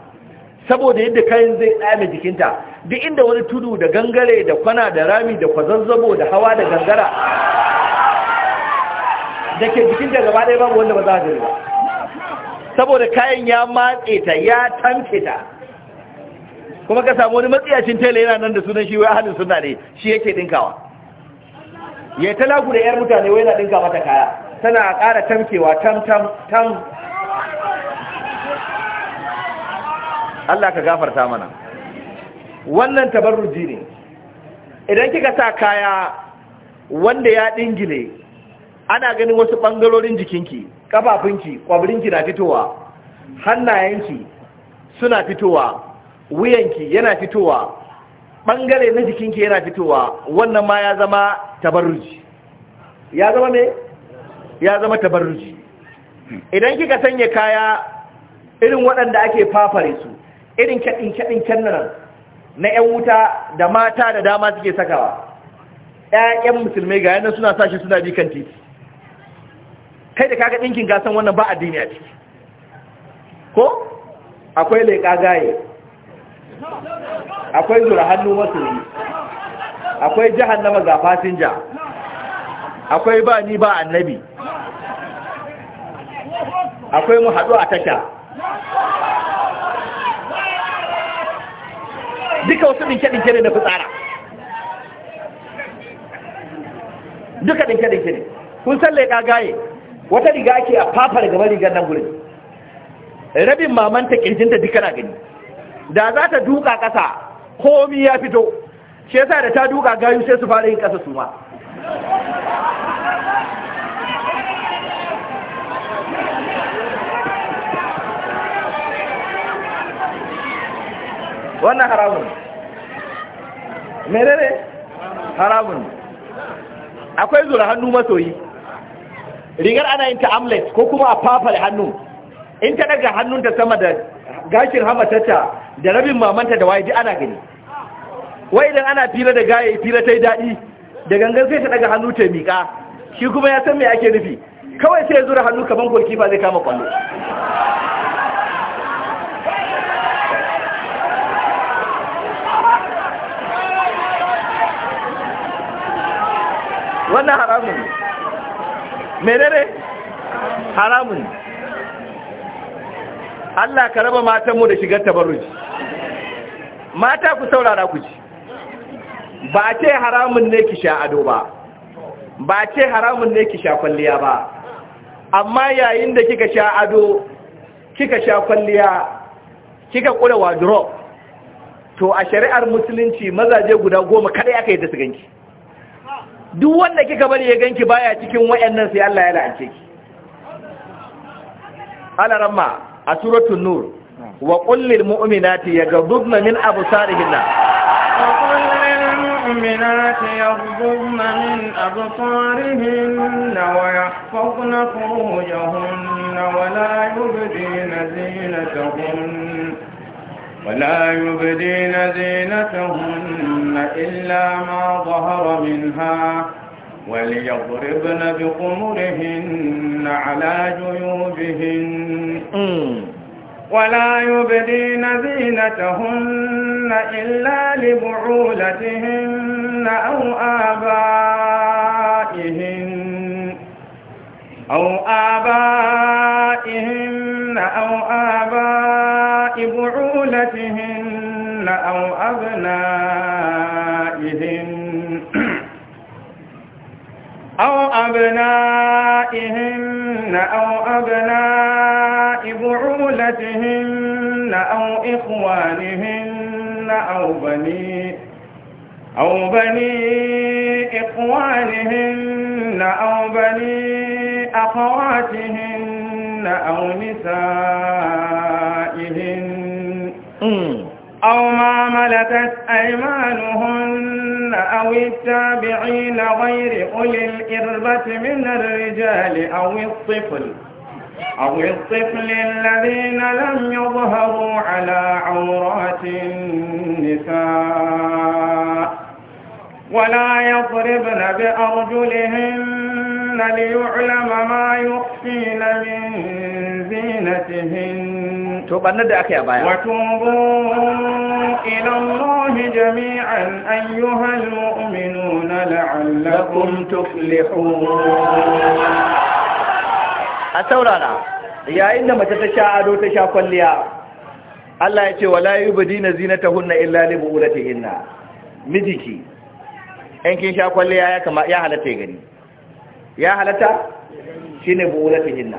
saboda yadda kayan zai tsaye jikinta duk inda wani tudu da gangare da kwana da rami da kwazazzabo da hawa da gangara da ke jikinta gaba ɗaya babu wanda ba za a ba saboda kayan ya matse ta ya tamke ta kuma ka samu wani matsiyacin tela yana nan da sunan shi wai ahalin suna ne shi yake ɗinkawa ya talaku da 'yar mutane wai na dinka mata kaya tana ƙara tamkewa tam tam tam Allah ka gafarta mana wannan tabarruji ne idan kika sa kaya wanda ya dingile ana ganin wasu bangarorin jikinki kafafunki kwabirinki na fitowa hannayenki suna fitowa wuyanki yana fitowa bangare na jikinki yana fitowa wannan ma ya zama tabarruji ya zama ne? ya zama tabarruji idan kika sanya kaya irin waɗanda ake fafare su irin kyaɗin-kyaɗin nan na 'yan wuta da mata da dama suke sakawa ‘ya'yan musulmai ga yanar suna sashi suna bi kan titi kai da kaga ɗinkin gasan wannan ba addini a ciki ko akwai leƙa gaye akwai zura hannu masuri akwai jahannama ga fasinja akwai ba ni ba annabi akwai mu haɗu a tasha duka wasu dinke-dinke ne na fitsara duka dinke-dinke ne kun san leƙa gaye wata riga ake a fafar gaba rigar nan gurin rabin mamanta kirjinta duka na gani da za ta duka ƙasa komi ya fito shi yasa da ta duka gayu sai su fara yin ƙasa su ma wannan haramun merere haramun akwai zura hannu masoyi rigar ana yin ta amlet ko kuma a fafale hannu in ta daga hannunta sama da gashin hamatata da rabin mamanta da waje ana gani wai idan ana fira da gaye fira ta yi daɗi da gangan sai ta daga hannu ta miƙa shi kuma ya san me ake nufi kawai sai zura hannu kaman golkifa zai kama kwallo wannan haramun ne menene haramun Allah ka raba matanmu da shigar tabarruci mata ku saurara ku ci ba ce haramun ne ki sha ado ba ba ce haramun ne ki sha kwalliya ba amma yayin da kika sha ado kika sha kwalliya kika kula wardrobe to a shari'ar musulunci mazaje guda goma kada ya kai da su ganki duk wanda kika bari ya ganki baya cikin wayannan sai Allah ya la'ance ki ala ramma a suratul nur wa qul lil mu'minati yaghdudna min absarihinna wa qul lil mu'minati yaghdudna min absarihinna wa yahfazna furujahunna wa la yubdina zinatahunna ولا يبدين زينتهن إلا ما ظهر منها وليضربن بقمرهن على جيوبهن ولا يبدين زينتهن إلا لبعولتهن أو آبائهن أو آبائهن أو آباء بعولتهن أو أبنائهن أو أبنائهن أو أبناء بعولتهن أو إخوانهن أو بني أو بني إخوانهن أو بني أخواتهن أو نسائهن أو ما ملكت أيمانهن أو التابعين غير أولي الإربة من الرجال أو الطفل أو الطفل الذين لم يظهروا على عورات النساء ولا يضربن بأرجلهن ليعلم ما يخفين من زينتهن توبنا da aka yaba wa tubu ila Allah jami'an ayyuha almu'minuna la'allakum tuflihun a saurara yayin da mace ta sha ado ta sha kwalliya Allah ya ce wala yubdina zinatahunna illa li bu'ulatihinna mijiki in kin sha kwalliya ya kama ya halatta gani ya halatta a buulatihinna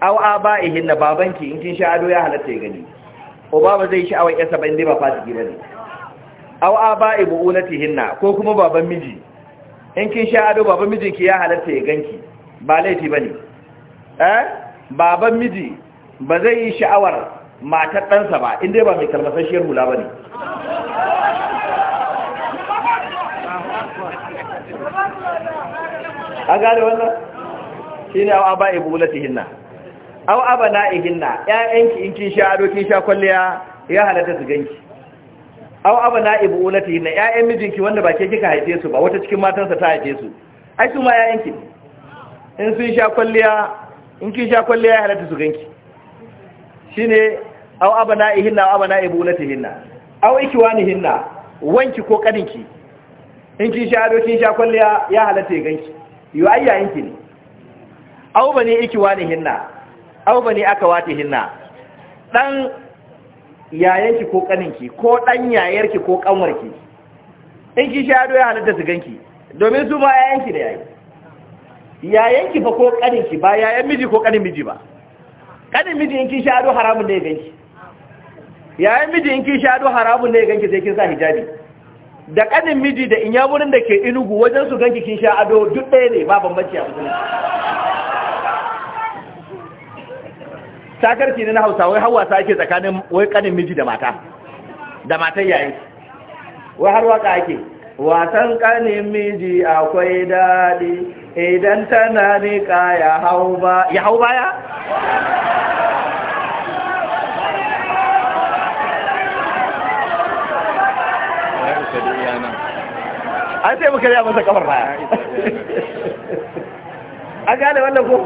aw hinna babanki in kin sha ado ya halatta ya gani uba ba zai sha'awar yasa ba inda ba fasiki bane aw abai hinna ko kuma baban miji in kin sha ado baban mijinki ya halatta ya ganki ba laifi ne eh baban miji ba zai yi sha'awar matar ɗansa ba inda ba mai kalmasasshiyar hula ba ne an gane wannan shi ne awa ba ibulati hinna awa aba na ihinna ƴaƴanki in kin sha ado kin sha kwalliya ya halatta su ganki awa aba na ibulati hinna ƴaƴan mijinki wanda ba ke kika haife su ba wata cikin matansa ta haife su ai su ma ƴaƴanki in sun sha kwalliya in kin sha kwalliya ya halatta su ganki shine awa aba na ihinna awa aba na ibulati hinna awa ikiwani hinna wanki ko kadinki in kin sha ado kin sha kwalliya ya halatta ganki yi ayyayin yanki ne au ba ne iki wani hinna au ba ne aka wata hinna ɗan yayanki ko ƙaninki ko ɗan yayarki ko ƙanwarki in ki sha ya halatta su ganki domin su ma yayanki da yayi yayanki fa ko ƙaninki ba yayan miji ko ƙanin miji ba ƙanin miji in ki sha haramun ne ganki yayan miji in ki sha haramun ne ganki sai kin sa hijabi da kanin miji da inya wurin da ke inugu wajen su ganki kin sha ado duk ɗaya ne ba bambanci a musulunci ki ne na hausa wai hawa sa ake tsakanin wai kanin miji da mata da matan yayin wai har waka ake wasan kanin miji akwai daɗi idan tana niƙa ya hau baya an sai muka riya masa kamar baya an gane wannan ko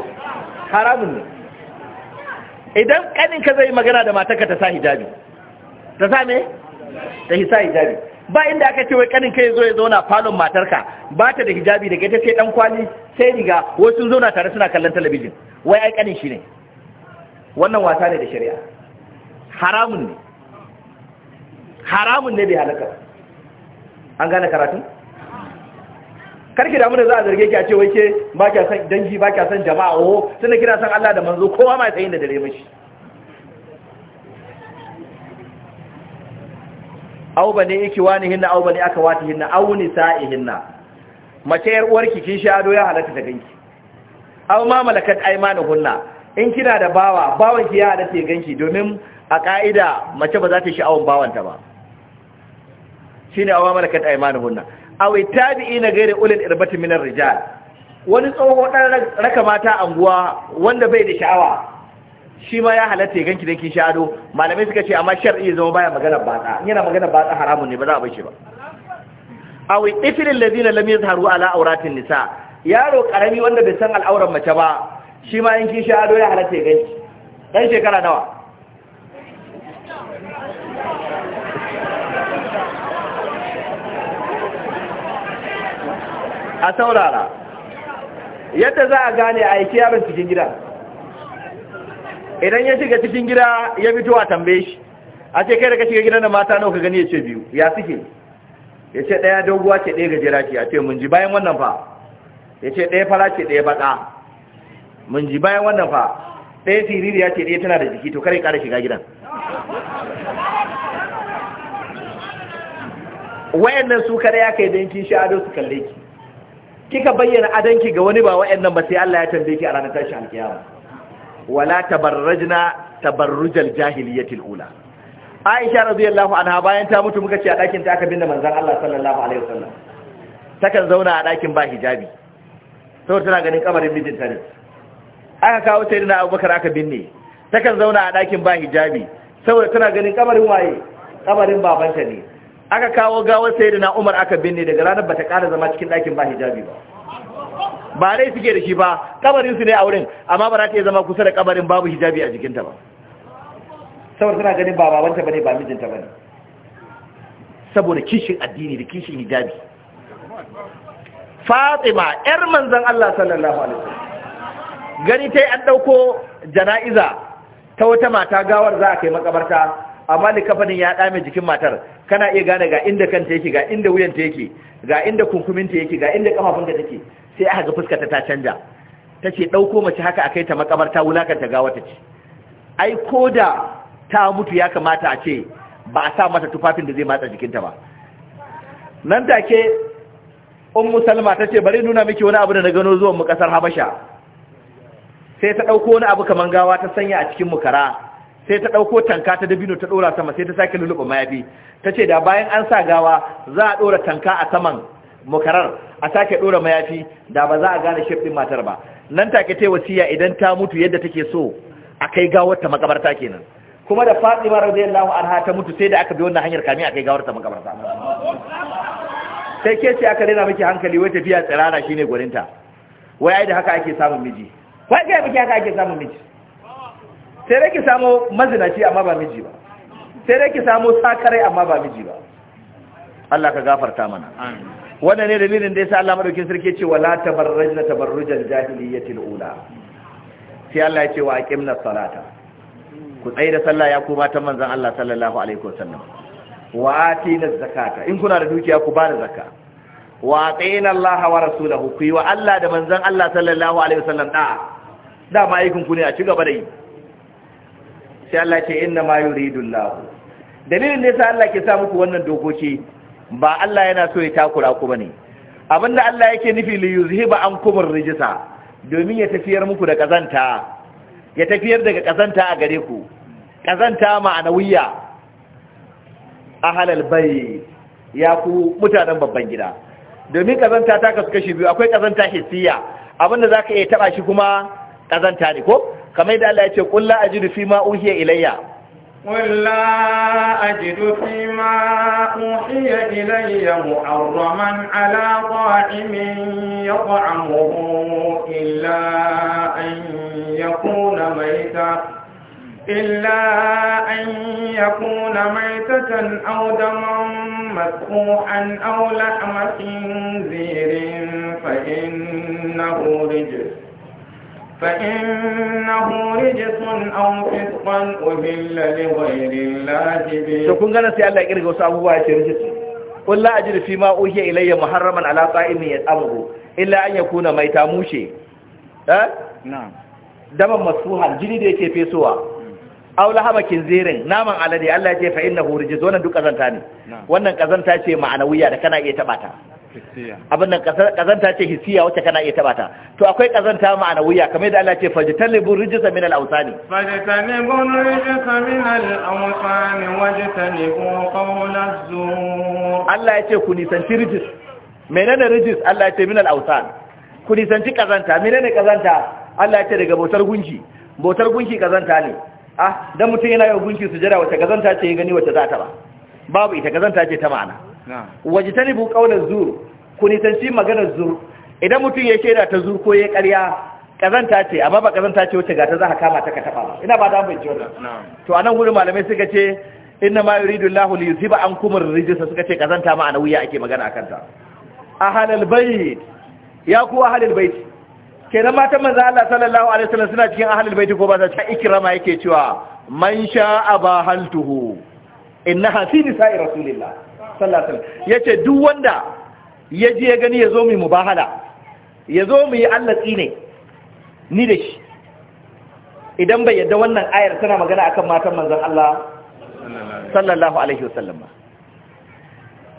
haramun ne idan kanin ka zai magana da matarka ta sa hijabi ta sa me ta sa hijabi ba inda aka ce wai kanin kai zo ya zauna falon matarka ba ta da hijabi daga ita ce dan kwali sai riga wasu zauna tare suna kallon talabijin wai ai kanin shi ne wannan wasa ne da shari'a haramun ne haramun ne bai halaka an gane karatu karki damu da za a zarge ki a ce wai ke ba san dangi ba kya san jama'a oho tunda kina san Allah da manzo kowa mai tsayin da dare mashi aw bani ikwanihinna aw bani akawatihinna aw hinna mace yar uwarki kin sha ado ya halatta da ganki aw ma malakat aymanuhunna in kina da bawa bawan ki ya halatta ganki domin a ka'ida mace ba za ta yi sha'awan bawanta ba shine awa malakat aymanuhunna aw tabi'ina ghayri ulil irbati min ar-rijal wani tsoho dan raka mata anguwa wanda bai da sha'awa shi ma ya halatta ganki da kin shado malamai suka ce amma shar'i zama baya magana batsa yana magana batsa haramun ne ba za a bai shi ba aw ifilil ladina lam yazharu ala auratin nisa yaro karami wanda bai san al'auran mace ba shi ma in kin shado ya halatta ganki dan shekara nawa a saurara yadda za a gane a aiki yaron cikin gida idan ya shiga cikin gida ya fito a tambaye shi a ce kai daga shiga gidan da mata nawa ka gani ya ce biyu ya suke ya ce ɗaya doguwa ce ɗaya gajera ce a ce mun ji bayan wannan fa ya ce ɗaya fara ce ɗaya baƙa mun ji bayan wannan fa ɗaya siririya ce ɗaya tana da jiki to kare ƙara shiga gidan wayannan su kare ya kai don shi ado su kalle ki kika bayyana adanki ga wani ba wa'annan ba sai Allah ya tambaye ki a ranar tashin alkiyama wala tabarrajna tabarrujal jahiliyatil ula Aisha radiyallahu anha bayan ta mutu muka ce a ɗakin ta aka binne manzon Allah sallallahu alaihi wasallam takan zauna a ɗakin ba hijabi saboda tana ganin kabarin mijinta ne aka kawo sayyidina Abubakar aka binne takan zauna a ɗakin ba hijabi saboda tana ganin kamarin waye kabarin babanta ne aka kawo gawar da Umar aka binne daga ranar bata ƙara zama cikin ɗakin ba hijabi ba ba rai suke da shi ba kabarin su ne a wurin amma ba za ta iya zama kusa da kabarin babu hijabi a jikinta ba saboda tana ganin ba babanta ne, ba mijinta ba ne. saboda kishin addini da kishin hijabi Fatima yar manzan Allah sallallahu alaihi wasallam gani yi an ɗauko jana'iza ta wata mata gawar za a kai makabarta amma likafanin ya ɗame jikin matar kana iya gane ga inda kanta yake ga inda wuyanta yake ga inda kunkuminta yake ga inda kafafunta take sai aka ga fuskarta ta canja tace dauko mace haka akai ta makabarta wulakanta ta gawa ce ai koda ta mutu ya kamata a ce ba a sa mata tufafin da zai matsa jikinta ba nan take ummu salma tace bari nuna miki wani abu da na gano zuwan mu kasar habasha sai ta dauko wani abu kaman gawa ta sanya a cikin mukara sai ta ɗauko tanka ta dabino ta ɗora sama sai ta sake lulluɓa mayafi ta ce da bayan an sa gawa za a ɗora tanka a saman mukarar a sake ɗora mayafi da ba za a gane shef ɗin matar ba nan take ta wasiya idan ta mutu yadda take so a kai gawar ta makabarta kenan kuma da Fatima radiyallahu anha ta mutu sai da aka bi wannan hanyar kamin a kai gawar ta makabarta sai ke ce aka rena miki hankali wai tafiya tsirara shine gwaninta wai ai da haka ake samun miji wai ga miki haka ake samun miji sai dai ki samo mazinaci amma ba miji ba sai dai ki samo sakarai amma ba miji ba Allah ka gafarta mana wannan ne dalilin da yasa Allah madaukin sarki ce wala tabarrajna tabarrujal jahiliyyatil ula sai Allah ya ce wa aqimna salata ku tsaye da sallah ya ku matan manzon Allah sallallahu alaihi wasallam wa atina zakata in kuna da dukiya ku ba da zakka wa atina Allah wa rasulahu ku yi wa Allah da manzon Allah sallallahu alaihi wasallam da da ma aikun ku ne a ci gaba da yi sai Allah ce inna ma yuridu Allah dalilin ne yasa Allah ke sa muku wannan dokoki ba Allah yana so ya takura ku bane abinda Allah yake nufi li yuzhiba ankum ar-rijsa domin ya tafiyar muku da kazanta ya tafiyar daga kazanta a gare ku kazanta ma'anawiyya ahlal bayt ya ku mutanen babban gida domin kazanta ta kasu kashi biyu akwai kazanta hissiya abinda zaka iya taba shi kuma kazanta ne ko kamar da Allah ya ce kulla ajidu fi ma uhiya ilayya kulla ajidu fi ma uhiya ilayya muharraman ala qa'imin yaq'amuhu illa an yakuna mayta إلا أن يكون ميتة أو دما مسكوحا أو لحم خنزير فإنه رجس Fa'imna hori jesum in aure tsawan. O'billa ne wani ladi ne. kun gane sai Allah ya kirga wasu abubuwa ya shirya jitu? ya kuna mai ta mushe. Daban masuwa jirgin da yake fesowa. Aula hama zirin. Naman alade Allah yaje fa'im na hori jesu. Wannan duk ƙazanta ne. Wannan kazanta ce ma'ana da kana iya taɓata. abin nan kazanta ce hisiya wacce kana iya taba ta to akwai kazanta ma'ana wuya kamar yadda Allah ce fajtanibu rijsa min al-awsani fajtanibu rijsa min al-awsani wajtanibu qawla az-zur Allah ya ce ku nisanci rijis menene rijis Allah ya ce min al-awsan ku nisanci kazanta menene kazanta Allah ya ce daga bautar gunki bautar gunki kazanta ne ah dan mutum yana yau gunki sujada wacce kazanta ce ya gani wacce za ta ba babu ita kazanta ce ta ma'ana wajtanibu qawla zur ku nitanci maganar zur idan mutum ya da ta zur ko ya ƙarya ƙazanta ce amma ba ƙazanta ce wacce gata za ka kama ta ka taba ba ina ba da bai jiwa to anan wurin malamai suka ce inna ma yuridu Allahu li yuziba an kumar rijsa suka ce ƙazanta ma wuya ake magana kanta. A halal bai ya ku ahlal Ke kenan matan manzo Allah sallallahu alaihi wasallam suna cikin ahlal bait ko ba za ta ikrama yake cewa man sha'a ba haltuhu innaha fi nisa'i rasulillah sallallahu alaihi wasallam duk wanda ya je ya gani ya zo mu mubahala ya zo mu yi Allah ni da shi idan bai yadda wannan ayar tana magana akan matan manzon Allah sallallahu alaihi wasallam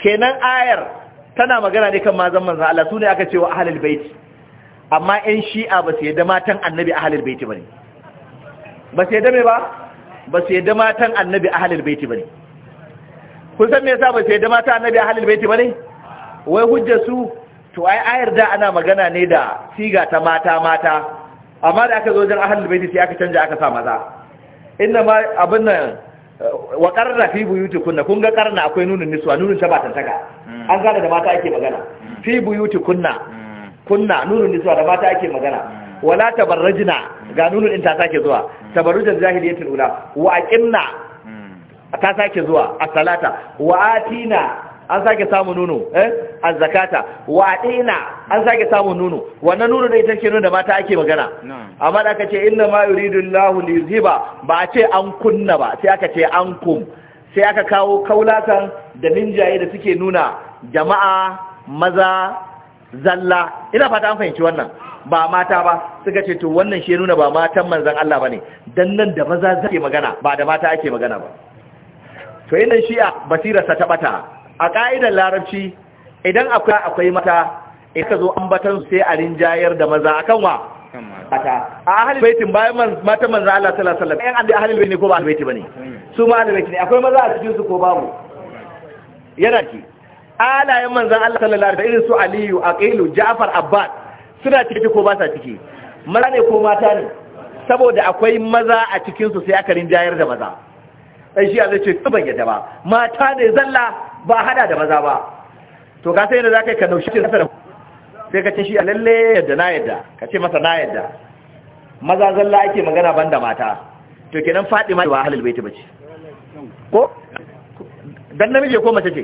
kenan ayar tana magana ne kan mazan manzon Allah sune aka cewa ahlul bait amma ƴan shi'a ba su yadda matan annabi ahlul bait bane ba su yadda me ba ba su yadda matan annabi ahlul bait bane kun san me yasa ba sai da mata annabi ahlul baiti bane wai hujja su to ai ayar da ana magana ne da siga ta mata mata amma da aka zo wajen ahlul baiti sai aka canja aka sa maza inda ma abin nan wa qarra fi buyutikum kun ga qarna akwai nunin niswa nunin ta ba tantaka hmm. an gane da mata ake magana hmm. fi buyutikum hmm. kunna nunin niswa da mata ake magana wala tabarrajna ga nunin din ta sake zuwa tabarrujan jahiliyatul ula wa aqimna ta sake zuwa a salata wa atina an sake samu nuno eh a zakata wa atina an sake samu nuno wannan nuno da ita ke nuna da mata ake magana amma da aka ce inna ma yuridu li liyuzhiba ba a ce an kunna ba sai aka ce an kum sai aka kawo kaulatan da ninjaye da suke nuna jama'a maza zalla ina fata an fahimci wannan ba mata ba suka ce to wannan shi nuna ba matan manzon Allah bane dan nan da maza zake magana ba da mata ake magana ba to yanan shi a basirarsa ta bata a ƙa'idar larabci idan akwai akwai mata in ka zo ambatan sai a rinjayar da maza a kanwa. mata a ahalin baitin bayan mata manzo Allah salasala ɗayan an yan ahalin baitin ko ba a baiti ba ne. su ma da baiti ne akwai maza a cikin su ko babu yana ki alayen manzo Allah sallallahu da irin su Aliyu Aqilu Ja'far Abbas suna ciki ko ba sa ciki maza ne ko mata ne saboda akwai maza a cikinsu sai aka rinjayar da maza dan shi Allah ce tsuban yadda ba mata ne zalla ba hada da maza ba to ka sai da zakai ka naushi kin sarrafa sai ka ce shi lalle yadda na yadda ka ce masa na yadda maza zalla ake magana banda mata to kenan Fatima ba halal baiti bace ko dan namiji ko mace ce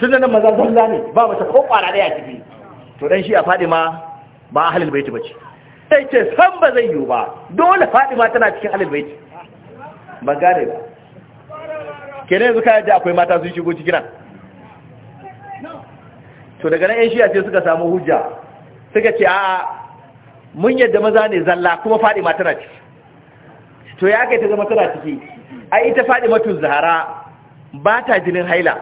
tunda nan maza zalla ne ba mace ko kwara daya ciki to dan shi a Fatima ba halal baiti bace sai ce san ba zai yiwu ba dole Fatima tana cikin halal baiti ba gane ba kenan yanzu kayan ji akwai mata sun shigo cikin nan to daga nan yan shiya ce suka samu hujja suka ce a mun yadda maza ne zalla kuma mata tana ciki to ya kai ta zama tana ciki ai ita fadi tun zahara ba ta jinin haila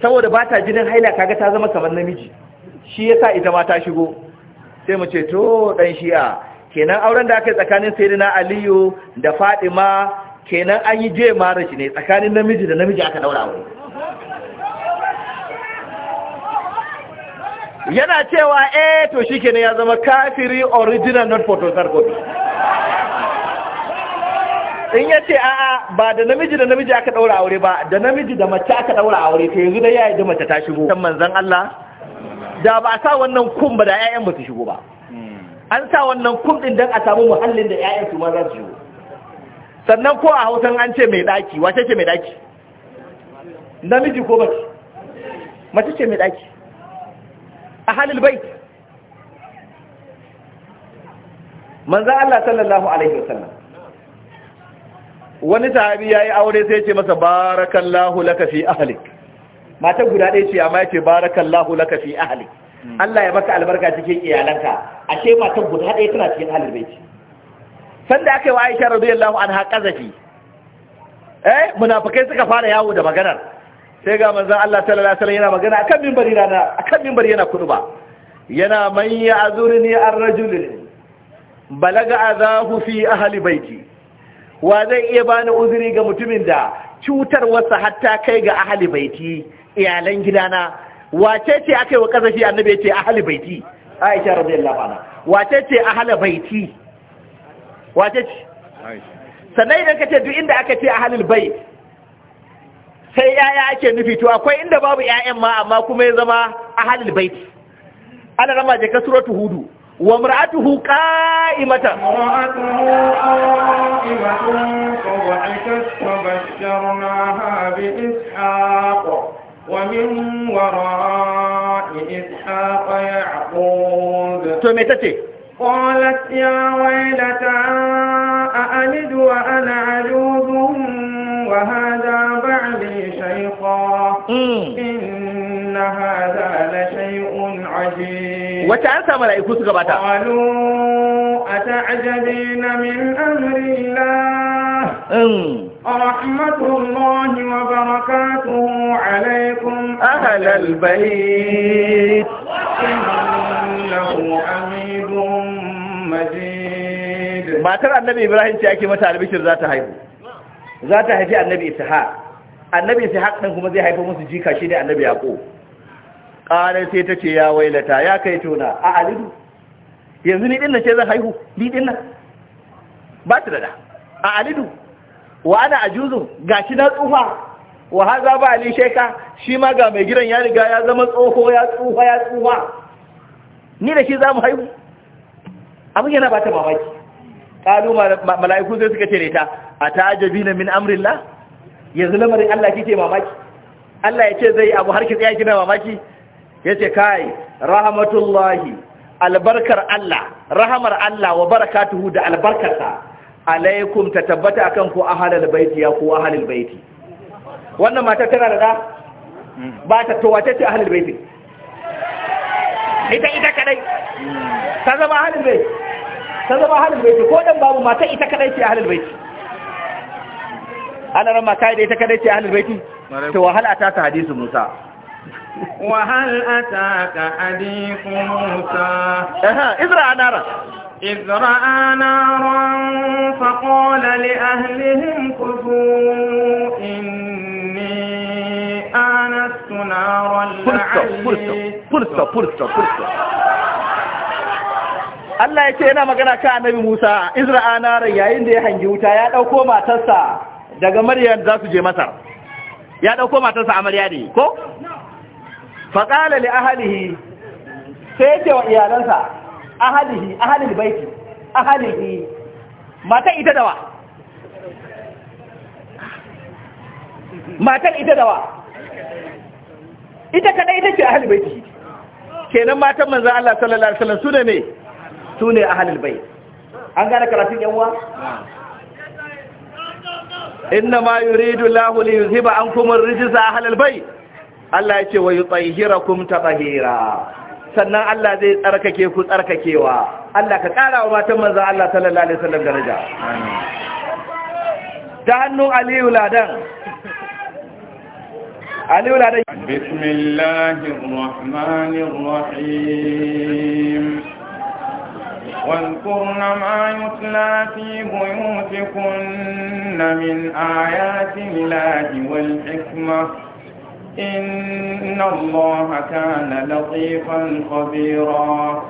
saboda ba ta jinin haila kaga ta zama kamar namiji shi yasa ita ma ta shigo sai mu ce to dan shiya kenan auren da aka yi tsakanin sayyidina aliyu da fadima kenan an yi je mara shi ne tsakanin namiji da namiji aka daura aure yana cewa eh to shi kenan ya zama kafiri original not photosar copy in ya ce a'a ba da namiji da namiji aka daura aure ba da namiji da mace aka daura aure ta yanzu da yayi da mace ta shigo kan manzon Allah da ba sa wannan kun ba da ƴaƴan ba su shigo ba an sa wannan kun din dan a samu muhallin da ƴaƴan su ma za su shigo sannan ko a hausan an ce mai ɗaki wace ce mai ɗaki namiji ko baki mace ce mai ɗaki a halil bai manzan Allah sallallahu Alaihi wasallam wani sahabi ya yi aure sai ce masa barakan laka fi ahalik mata guda ɗaya ce amma ya ce barakan laka fi ahalik hmm. Allah ya maka albarka cikin iyalanka ashe matan guda ɗaya tana cikin halil bai ce sanda aka yi wa aisha radiyallahu anha kazafi eh munafikai suka fara yawo da maganar sai ga manzon Allah sallallahu alaihi wasallam yana magana akan minbari rana akan minbari yana kuduba yana man ya'zurni ar-rajul balaga azahu fi ahli baiti wa zai iya bani uzuri ga mutumin da cutar wasa hatta kai ga ahli baiti iyalan gidana wace ce aka yi wa kazafi annabi ya ce ahli baiti aisha radiyallahu anha wace ce ahli baiti wace ce sannan idan ka ce duk inda aka ce a halin bai sai yaya ake nufi to akwai inda babu yayan ma amma kuma ya zama a halin bai. ana rama je ka suratu hudu wa mar'atuhu qa'imatan to me tace قالت يا ويلتى أألد وأنا عجوز وهذا بعدي شيخا إن هذا لشيء عجيب وتعسى قالوا أتعجبين من أمر الله رحمة الله وبركاته عليكم أهل البيت إنه حميد matar annabi ibrahim ce ake mata albishir za ta haihu za ta haifi annabi ishaq annabi ishaq din kuma zai haifa musu jika shi ne annabi yaqub qala sai ta ce ya wailata ya kai tona a alidu yanzu ni din na ce zan haihu ni din nan ba ta da a alidu wa ana ajuzu gashi na tsufa wa haza ba ali sheka shi ma ga mai gidan ya riga ya zama tsoho ya tsufa ya tsufa ni da shi za mu haihu abin yana ba ta mamaki kalu mala'iku sai suka ce ne ta a ta ajabi na min amrillah yanzu lamarin Allah kike mamaki Allah ya ce zai abu har ki tsaya kina mamaki ya ce kai rahmatullahi albarkar Allah rahmar Allah wa barakatuhu da albarkarsa alaikum ta tabbata akan ku ahalal baiti ya ku ahalal baiti wannan mata tana da da ba ta to wace ce ahalal baiti ita ita kadai ta zama ahalal baiti ta zama ahlul baiti ko dan babu mata ita kadai ce ahlul baiti ana ran mata ita kadai ce ahlul baiti to wahala ta ta hadisu Musa وهل أتاك حديث موسى إذ رأى نارا إذ رأى نارا فقال لأهلهم خذوا إني آنست نارا لعلي Allah ya ce yana magana ka annabi Musa na naran yayin da ya hangi wuta ya ɗauko matarsa daga Maryam za su je Masar ya ɗauko matarsa Maryam ne ko faƙala li ahalihi sai ce wa iyalansa ahalihi ahalil baiti ahalihi matan ita dawa matan ita dawa ita kadai ita ce ahalil baiti kenan matan manzon Allah sallallahu alaihi wasallam su ne su ne ahalul bai an gane karatun yawa inna ma yuridu lahu li an ankum rijisa a ahlal bai? Allah yace wa yutahhirakum tatahira sannan Allah zai tsarkake ku tsarkakewa Allah ka kara wa matan manzon Allah sallallahu alaihi wasallam daraja ta hannun Aliyu ladan Aliyu ladan bismillahir rahmanir rahim واذكرن ما يتلى في بيوتكن من آيات الله والحكمة إن الله كان لطيفا خبيرا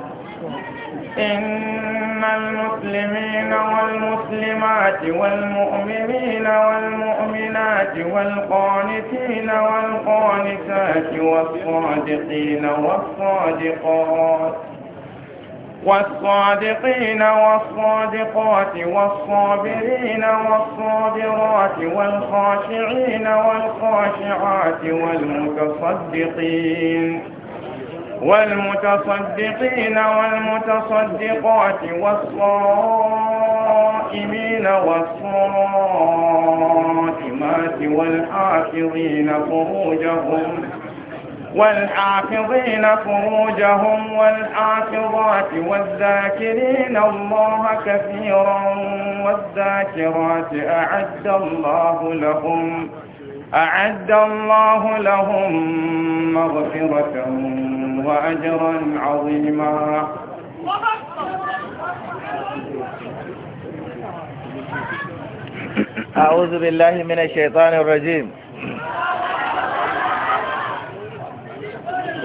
إن المسلمين والمسلمات والمؤمنين والمؤمنات والقانتين والقانتات والصادقين والصادقات والصادقين والصادقات والصابرين والصابرات والخاشعين والخاشعات والمتصدقين والمتصدقين والمتصدقات والصائمين والصائمات والحافظين فروجهم والحافظين فروجهم والحافظات والذاكرين الله كثيرا والذاكرات أعد الله لهم أعد الله لهم مغفرة وأجرا عظيما أعوذ بالله من الشيطان الرجيم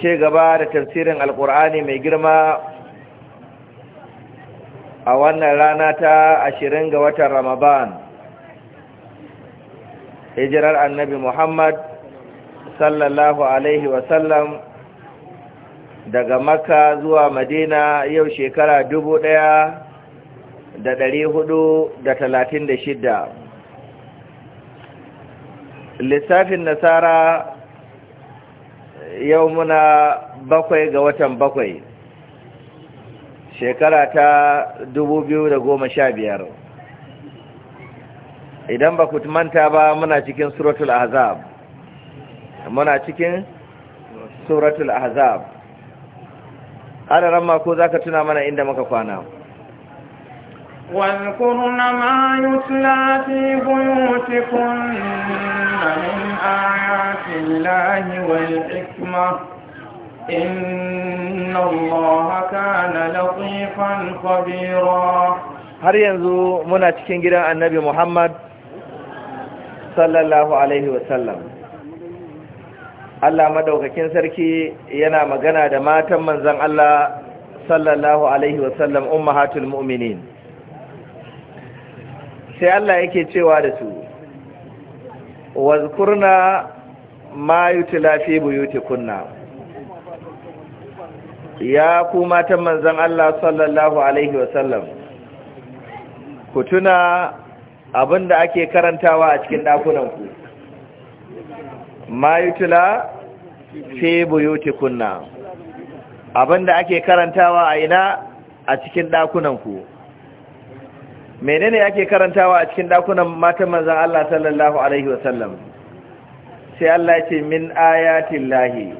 ce gaba da tafsirin alkur'ani mai girma a wannan rana ta ashirin ga watan ramadan hijirar annabi muhammad sallallahu alaihi wasallam daga makka zuwa madina yau shekara dubu ɗaya da dari hudu da talatin da shidda lissafin nasara yau muna bakwai ga watan bakwai shekara ta da goma sha biyar. idan ba ku manta ba muna cikin suratul ahzab muna cikin suratul azab ana ramma ko zaka tuna mana inda muka kwana واذكرن ما يتلى في بيوتكن من آيات الله والحكمة إن الله كان لطيفا خبيرا har yanzu muna cikin gidan annabi Muhammad sallallahu Alaihi wasallam. Allah madaukakin sarki yana magana da matan Manzon Allah sallallahu Alaihi wasallam ummahatul mu'minin. sai Allah yake cewa da su wazkurna ma yutla fi buyutikunna ya ku matan manzon Allah sallallahu alaihi wasallam ku tuna abinda ake karantawa a cikin dakunanku ma yutla fi buyutikunna abinda ake karantawa a ina a cikin dakunanku ku menene ake karantawa a cikin dakunan matan manzon Allah sallallahu alaihi wasallam sai Allah ya ce min ayatin lahi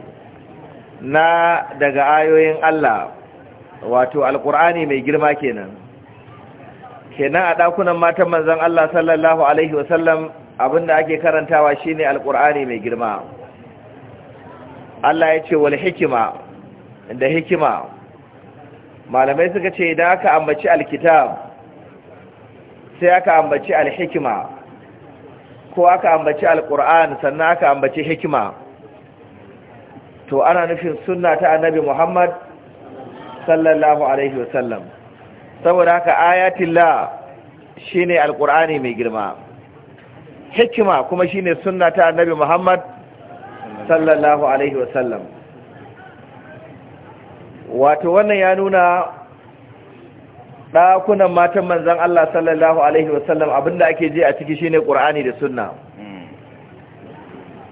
na daga ayoyin Allah wato alkur'ani mai girma kenan kenan a dakunan matan manzon Allah sallallahu alaihi wasallam abinda ake karantawa shine alkur'ani mai girma Allah ya ce wal hikima da hikima malamai suka ce idan aka ambaci alkitab sai aka ambaci Al-Hikima, ko aka ambaci alkur'an sannan aka ambaci hikima to ana nufin sunna ta annabi muhammad sallallahu alaihi wasallam saboda haka ayatillah shine alkur'ani mai girma hikima kuma shine sunna ta annabi muhammad sallallahu alaihi wasallam wato wannan ya nuna ɗakunan matan manzan Allah sallallahu Alaihi wasallam abinda ake je a ciki shine ƙur'ani da sunna hmm.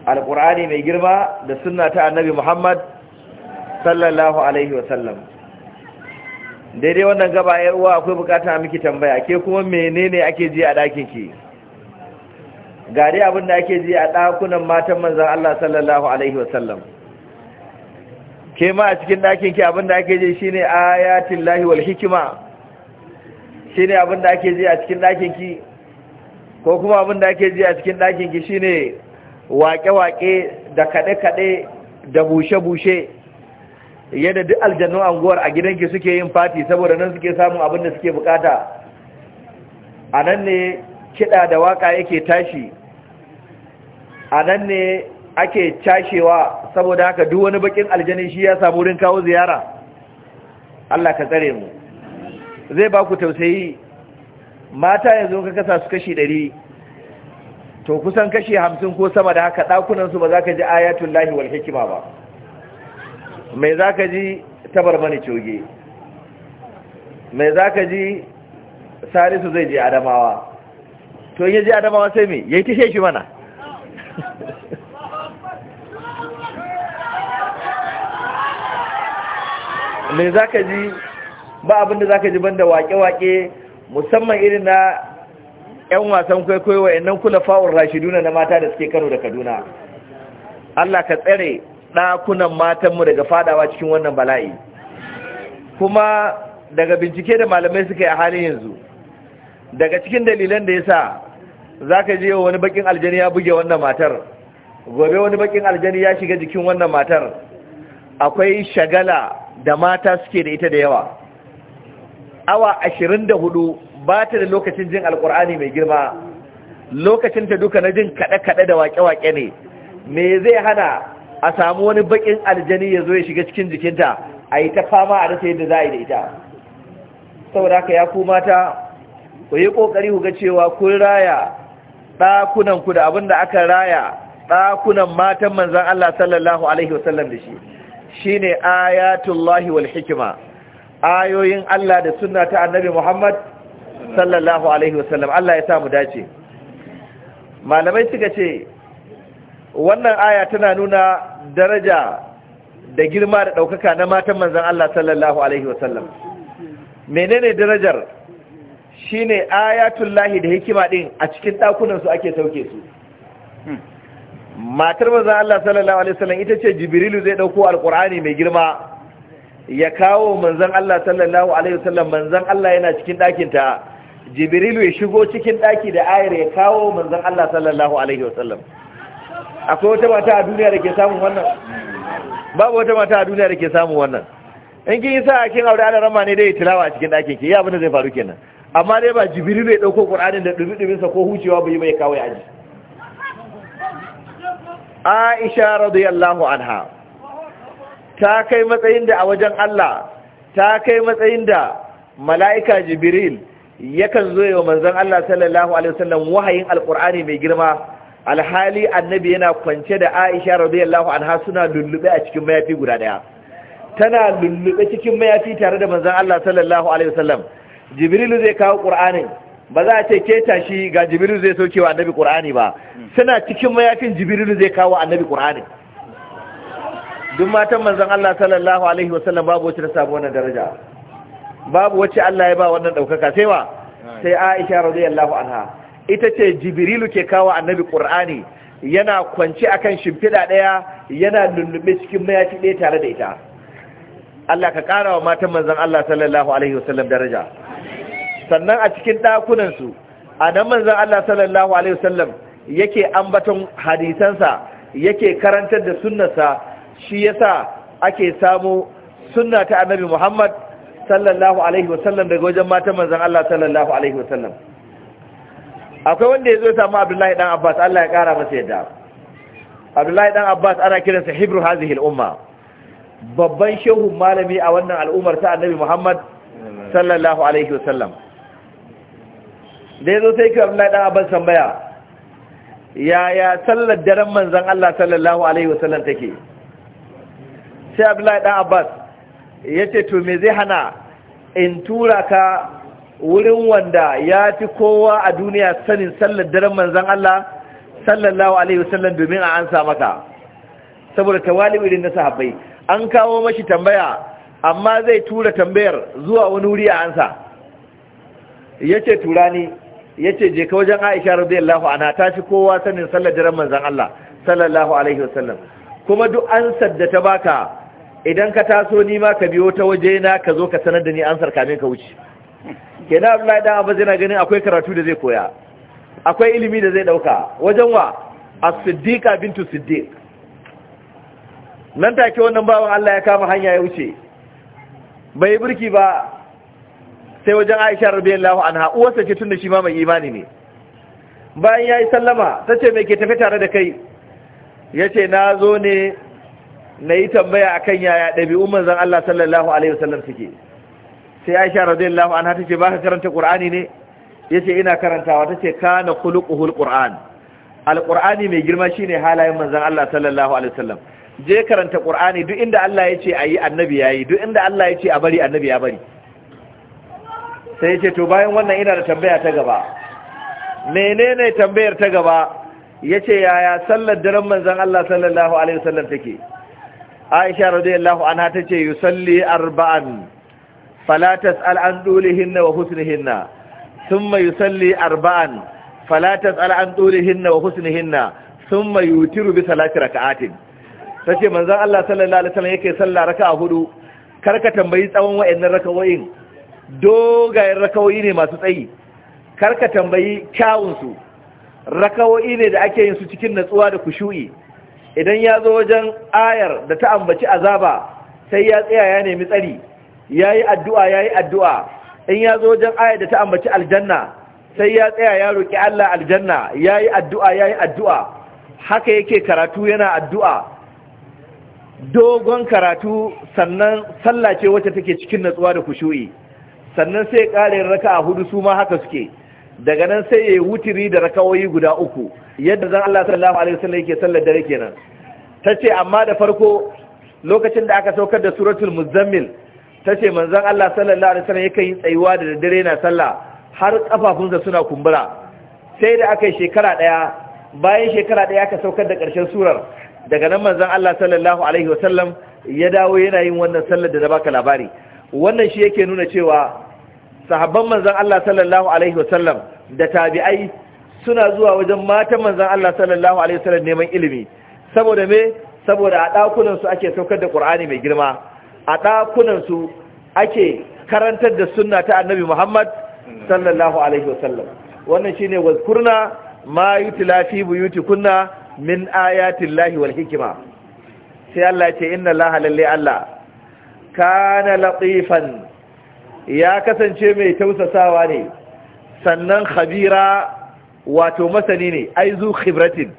alƙur'ani mai girma da sunna ta annabi Muhammad sallallahu Alaihi wasallam daidai wannan gaba uwa akwai bukata miki tambaya ke kuma menene ake ji a ɗakinki ga dai abinda ake ji a ɗakunan matan manzan Allah sallallahu Alaihi wasallam ke ma a cikin ɗakinki abinda ake ji shine ayatin lahi wal hikima shi ne abin da ake ji a cikin ɗakinki ko kuma abin da ake ji a cikin ɗakinki shi ne waƙe-waƙe da kaɗe-kaɗe da bushe-bushe yadda duk aljannun anguwar a gidanki suke yin fati saboda nan suke samun abin da suke bukata a nan ne kiɗa da waƙa yake tashi a nan ne ake cashewa saboda haka duk wani bakin aljani shi ya samu wurin kawo ziyara Allah ka tsare mu zai ba ku tausayi mata yanzu ka kasa su kashi ɗari to kusan kashi hamsin ko sama da haka ɗakunansu ba za ka ji ayatun lahi wal hikima ba mai za ka ji tabar mani coge mai za ka ji salisu zai je adamawa to yi je adamawa sai mai ya yi tashe shi mana [LAUGHS] mai za ka ji ba abin da ka ji banda wake-wake musamman irin na 'yan wasan kwaikwayo kula fawar rashiduna na mata da suke Kano da Kaduna Allah ka tsere ɗakunan matanmu daga fadawa cikin wannan bala'i kuma daga bincike da malamai suka yi a halin yanzu daga cikin dalilan da ya sa za ka je wani bakin aljani ya buge wannan matar gobe wani bakin aljani ya shiga jikin wannan matar akwai shagala da mata suke da ita da yawa awa ashirin da hudu ba ta da lokacin jin alkur'ani mai girma lokacin ta duka na jin kaɗe-kaɗe da waƙe-waƙe ne me zai hana a samu wani baƙin aljani ya zo ya shiga cikin jikinta a yi ta fama a rasa yadda za a yi da ita saboda haka ya ku mata ku yi ƙoƙari ku ga cewa kun raya ɗakunanku da abin da aka raya ɗakunan matan manzan Allah sallallahu Alaihi wasallam da shi shi ne ayatullahi wal hikima ayoyin Allah da sunna ta annabi Muhammad sallallahu alaihi wasallam Allah ya samu dace malamai suka ce wannan aya tana nuna daraja da girma da ɗaukaka na matan manzan Allah sallallahu alaihi wasallam menene darajar shine ayatul lahi da hikima ɗin a cikin ɗakunansu ake sauke su matar manzan Allah sallallahu alaihi wasallam ita ce jibrilu zai ɗauko alqur'ani mai girma ya kawo manzan Allah sallallahu alaihi wasallam manzan Allah yana cikin ɗakin ta jibrilu ya shigo cikin ɗaki da ayar ya kawo manzan Allah sallallahu alaihi wasallam akwai wata mata a duniya da ke samun wannan babu wata mata a duniya da ke samun wannan in kin yi sa kin aure ana rama ne dai tilawa a cikin ɗakin ki ya abin da zai faru kenan amma dai ba jibrilu ya ɗauko ƙur'anin da ɗumi sa ko hucewa bai kawo kawai aji aisha radiyallahu anha ta kai matsayin da a wajen Allah ta kai matsayin da mala'ika jibril yakan zo wa manzan Allah sallallahu alaihi wasallam wahayin Alƙur'ani mai girma alhali annabi yana kwance da Aisha radiyallahu anha suna lullube a cikin mayafi guda daya tana lullube cikin mayafi tare da manzan Allah sallallahu alaihi wasallam jibril zai kawo ƙur'ani ba za a ce ke tashi ga jibril zai sauke wa annabi ƙur'ani ba suna cikin mayafin jibril zai kawo annabi ƙur'ani duk matan manzon Allah sallallahu alaihi wasallam babu wacce ta samu wannan daraja babu wacce Allah ya ba wannan daukaka sai wa sai Aisha radiyallahu anha ita ce Jibrilu ke kawo Annabi Qur'ani yana kwanci akan shimfida daya yana lullube cikin mayaci daya tare da ita Allah ka kara wa matan manzon Allah sallallahu alaihi wasallam daraja sannan a cikin dakunan su nan manzon Allah sallallahu alaihi wasallam yake ambaton hadisansa yake karantar da sunnarsa shi yasa ake samu sunna ta annabi Muhammad sallallahu alaihi wasallam daga wajen matan manzon Allah sallallahu alaihi wasallam akwai wanda ya zo ya samu Abdullahi dan Abbas Allah ya kara masa yadda Abdullahi dan Abbas ana kiransa Hibru hadhihi al-umma babban shehu malami a wannan al'ummar ta annabi Muhammad sallallahu alaihi wasallam da yazo sai ka Abdullahi dan Abbas tambaya yaya sallar daren manzon Allah sallallahu alaihi wasallam take sai abdullahi dan abbas ya ce to me zai hana in tura ka wurin wanda ya fi kowa a duniya sanin sallar daren manzan Allah sallallahu alaihi wasallam domin a ansa maka saboda tawali irin na sahabbai an kawo mashi tambaya amma zai tura tambayar zuwa wani wuri a ansa yace tura ni yace je ka wajen Aisha radiyallahu anha ta fi kowa sanin sallar daren manzan Allah sallallahu alaihi wasallam kuma duk ansar da ta baka idan ka taso ni ma ka biyo ta waje na ka zo ka sanar da ni ansar kamin ka wuce kenan Abdullahi dan Abbas yana ganin akwai karatu da zai koya akwai ilimi da zai dauka wajen wa as-siddiqa bintu siddiq nan take wannan bawan Allah ya kama hanya ya wuce bai burki ba sai wajen Aisha radiyallahu anha uwarsa ce tunda shi ma mai imani ne bayan yayi sallama tace me ke tafi tare da kai yace na zo ne na yi tambaya a kan yaya ɗabi'un manzan Allah sallallahu Alaihi wasallam suke sai aisha radiyallahu an hata ce ba ka karanta ƙur'ani ne ya ce ina karantawa ta ce ka na ƙuhul ƙur'an alƙur'ani mai girma shi ne halayen manzan Allah sallallahu Alaihi wasallam je karanta ƙur'ani duk inda Allah ya ce a yi annabi ya yi duk inda Allah ya ce a bari annabi ya bari sai ya ce to bayan wannan ina da tambaya ta gaba menene tambayar ta gaba ya ce yaya sallar daren manzan Allah sallallahu Alaihi wasallam take aisha radiyallahu anha tace yusalli arba'an fala tas'al an dulihinna wa husnihinna thumma yusalli arba'an fala tas'al an dulihinna wa husnihinna thumma yutiru bi salati rak'atin tace manzon Allah sallallahu alaihi wasallam yake sallah raka'a hudu karka tambayi tsawon wayannan rakawoyin dogayen rakawoyi ne masu tsayi karka tambayi kyawun su rakawoyi ne da ake yin su cikin natsuwa da kushu'i idan ya zo wajen ayar da ta ambaci azaba sai ya tsaya ya nemi tsari ya yi addu'a ya yi addu'a in ya zo wajen ayar da ta ambaci aljanna sai ya tsaya ya roƙi Allah aljanna ya yi addu'a ya yi addu'a haka yake karatu yana addu'a dogon karatu sannan sallace ce wacce take cikin natsuwa da kushu'i sannan sai ƙarin raka a hudu su ma haka suke daga nan sai ya yi wutiri da rakawoyi guda uku yadda zan Allah sallallahu alaihi wasallam yake sallar dare kenan tace amma da farko lokacin da aka saukar da suratul muzammil tace manzon Allah sallallahu alaihi wasallam yake yin tsayuwa da dare na sallah har kafafunsa suna kumbura sai da aka yi shekara daya bayan shekara daya aka saukar da karshen surar daga nan manzon Allah sallallahu alaihi wasallam ya dawo yana yin wannan sallar da da baka labari wannan shi yake nuna cewa sahabban manzan Allah sallallahu alaihi wasallam da tabi'ai suna zuwa wajen matan manzan Allah sallallahu alaihi wasallam neman ilimi saboda me saboda a ɗakunansu ake saukar da Ƙur'ani mai girma a ɗakunansu ake karantar da sunna ta Annabi Muhammad sallallahu alaihi wasallam wannan shine wazkurna ma yutla fi buyutikunna min ayati llahi wal hikima sai Allah ce inna allaha lalle Allah kana latifan ya kasance mai tausasawa ne sannan khabira wato masani ne aizu khibratin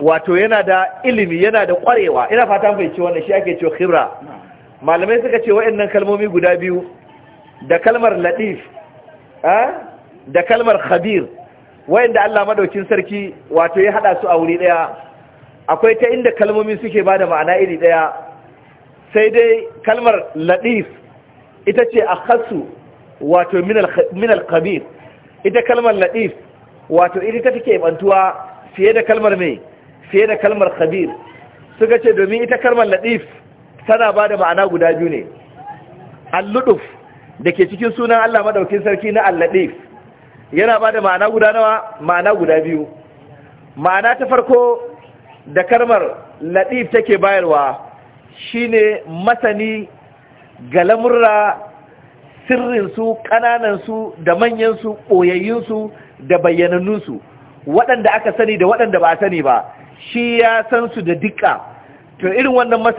wato yana da ilimi yana da kwarewa ina fatan bai ce wannan shi ake ce khibra malamai suka ce wa'annan kalmomi guda biyu da kalmar latif da kalmar khabir wayanda Allah madaukin sarki wato ya hada su a wuri daya akwai ta inda kalmomi suke bada ma'ana iri daya sai dai kalmar latif ita ce a khasu wato minal khabir ita kalmar latif wato ita ta fike bantuwa fiye da kalmar mai fiye da kalmar khabir suka ce domin ita kalmar latif tana ba da ma'ana guda biyu ne al da ke cikin sunan Allah madaukin sarki na al yana ba da ma'ana guda nawa ma'ana guda biyu ma'ana ta farko da kalmar latif take bayarwa shine masani ga lamurra sirrinsu ƙananansu da manyansu ɓoyayyunsu da bayyanannunsu waɗanda aka sani da waɗanda ba a sani ba shi ya san su da dika to irin wannan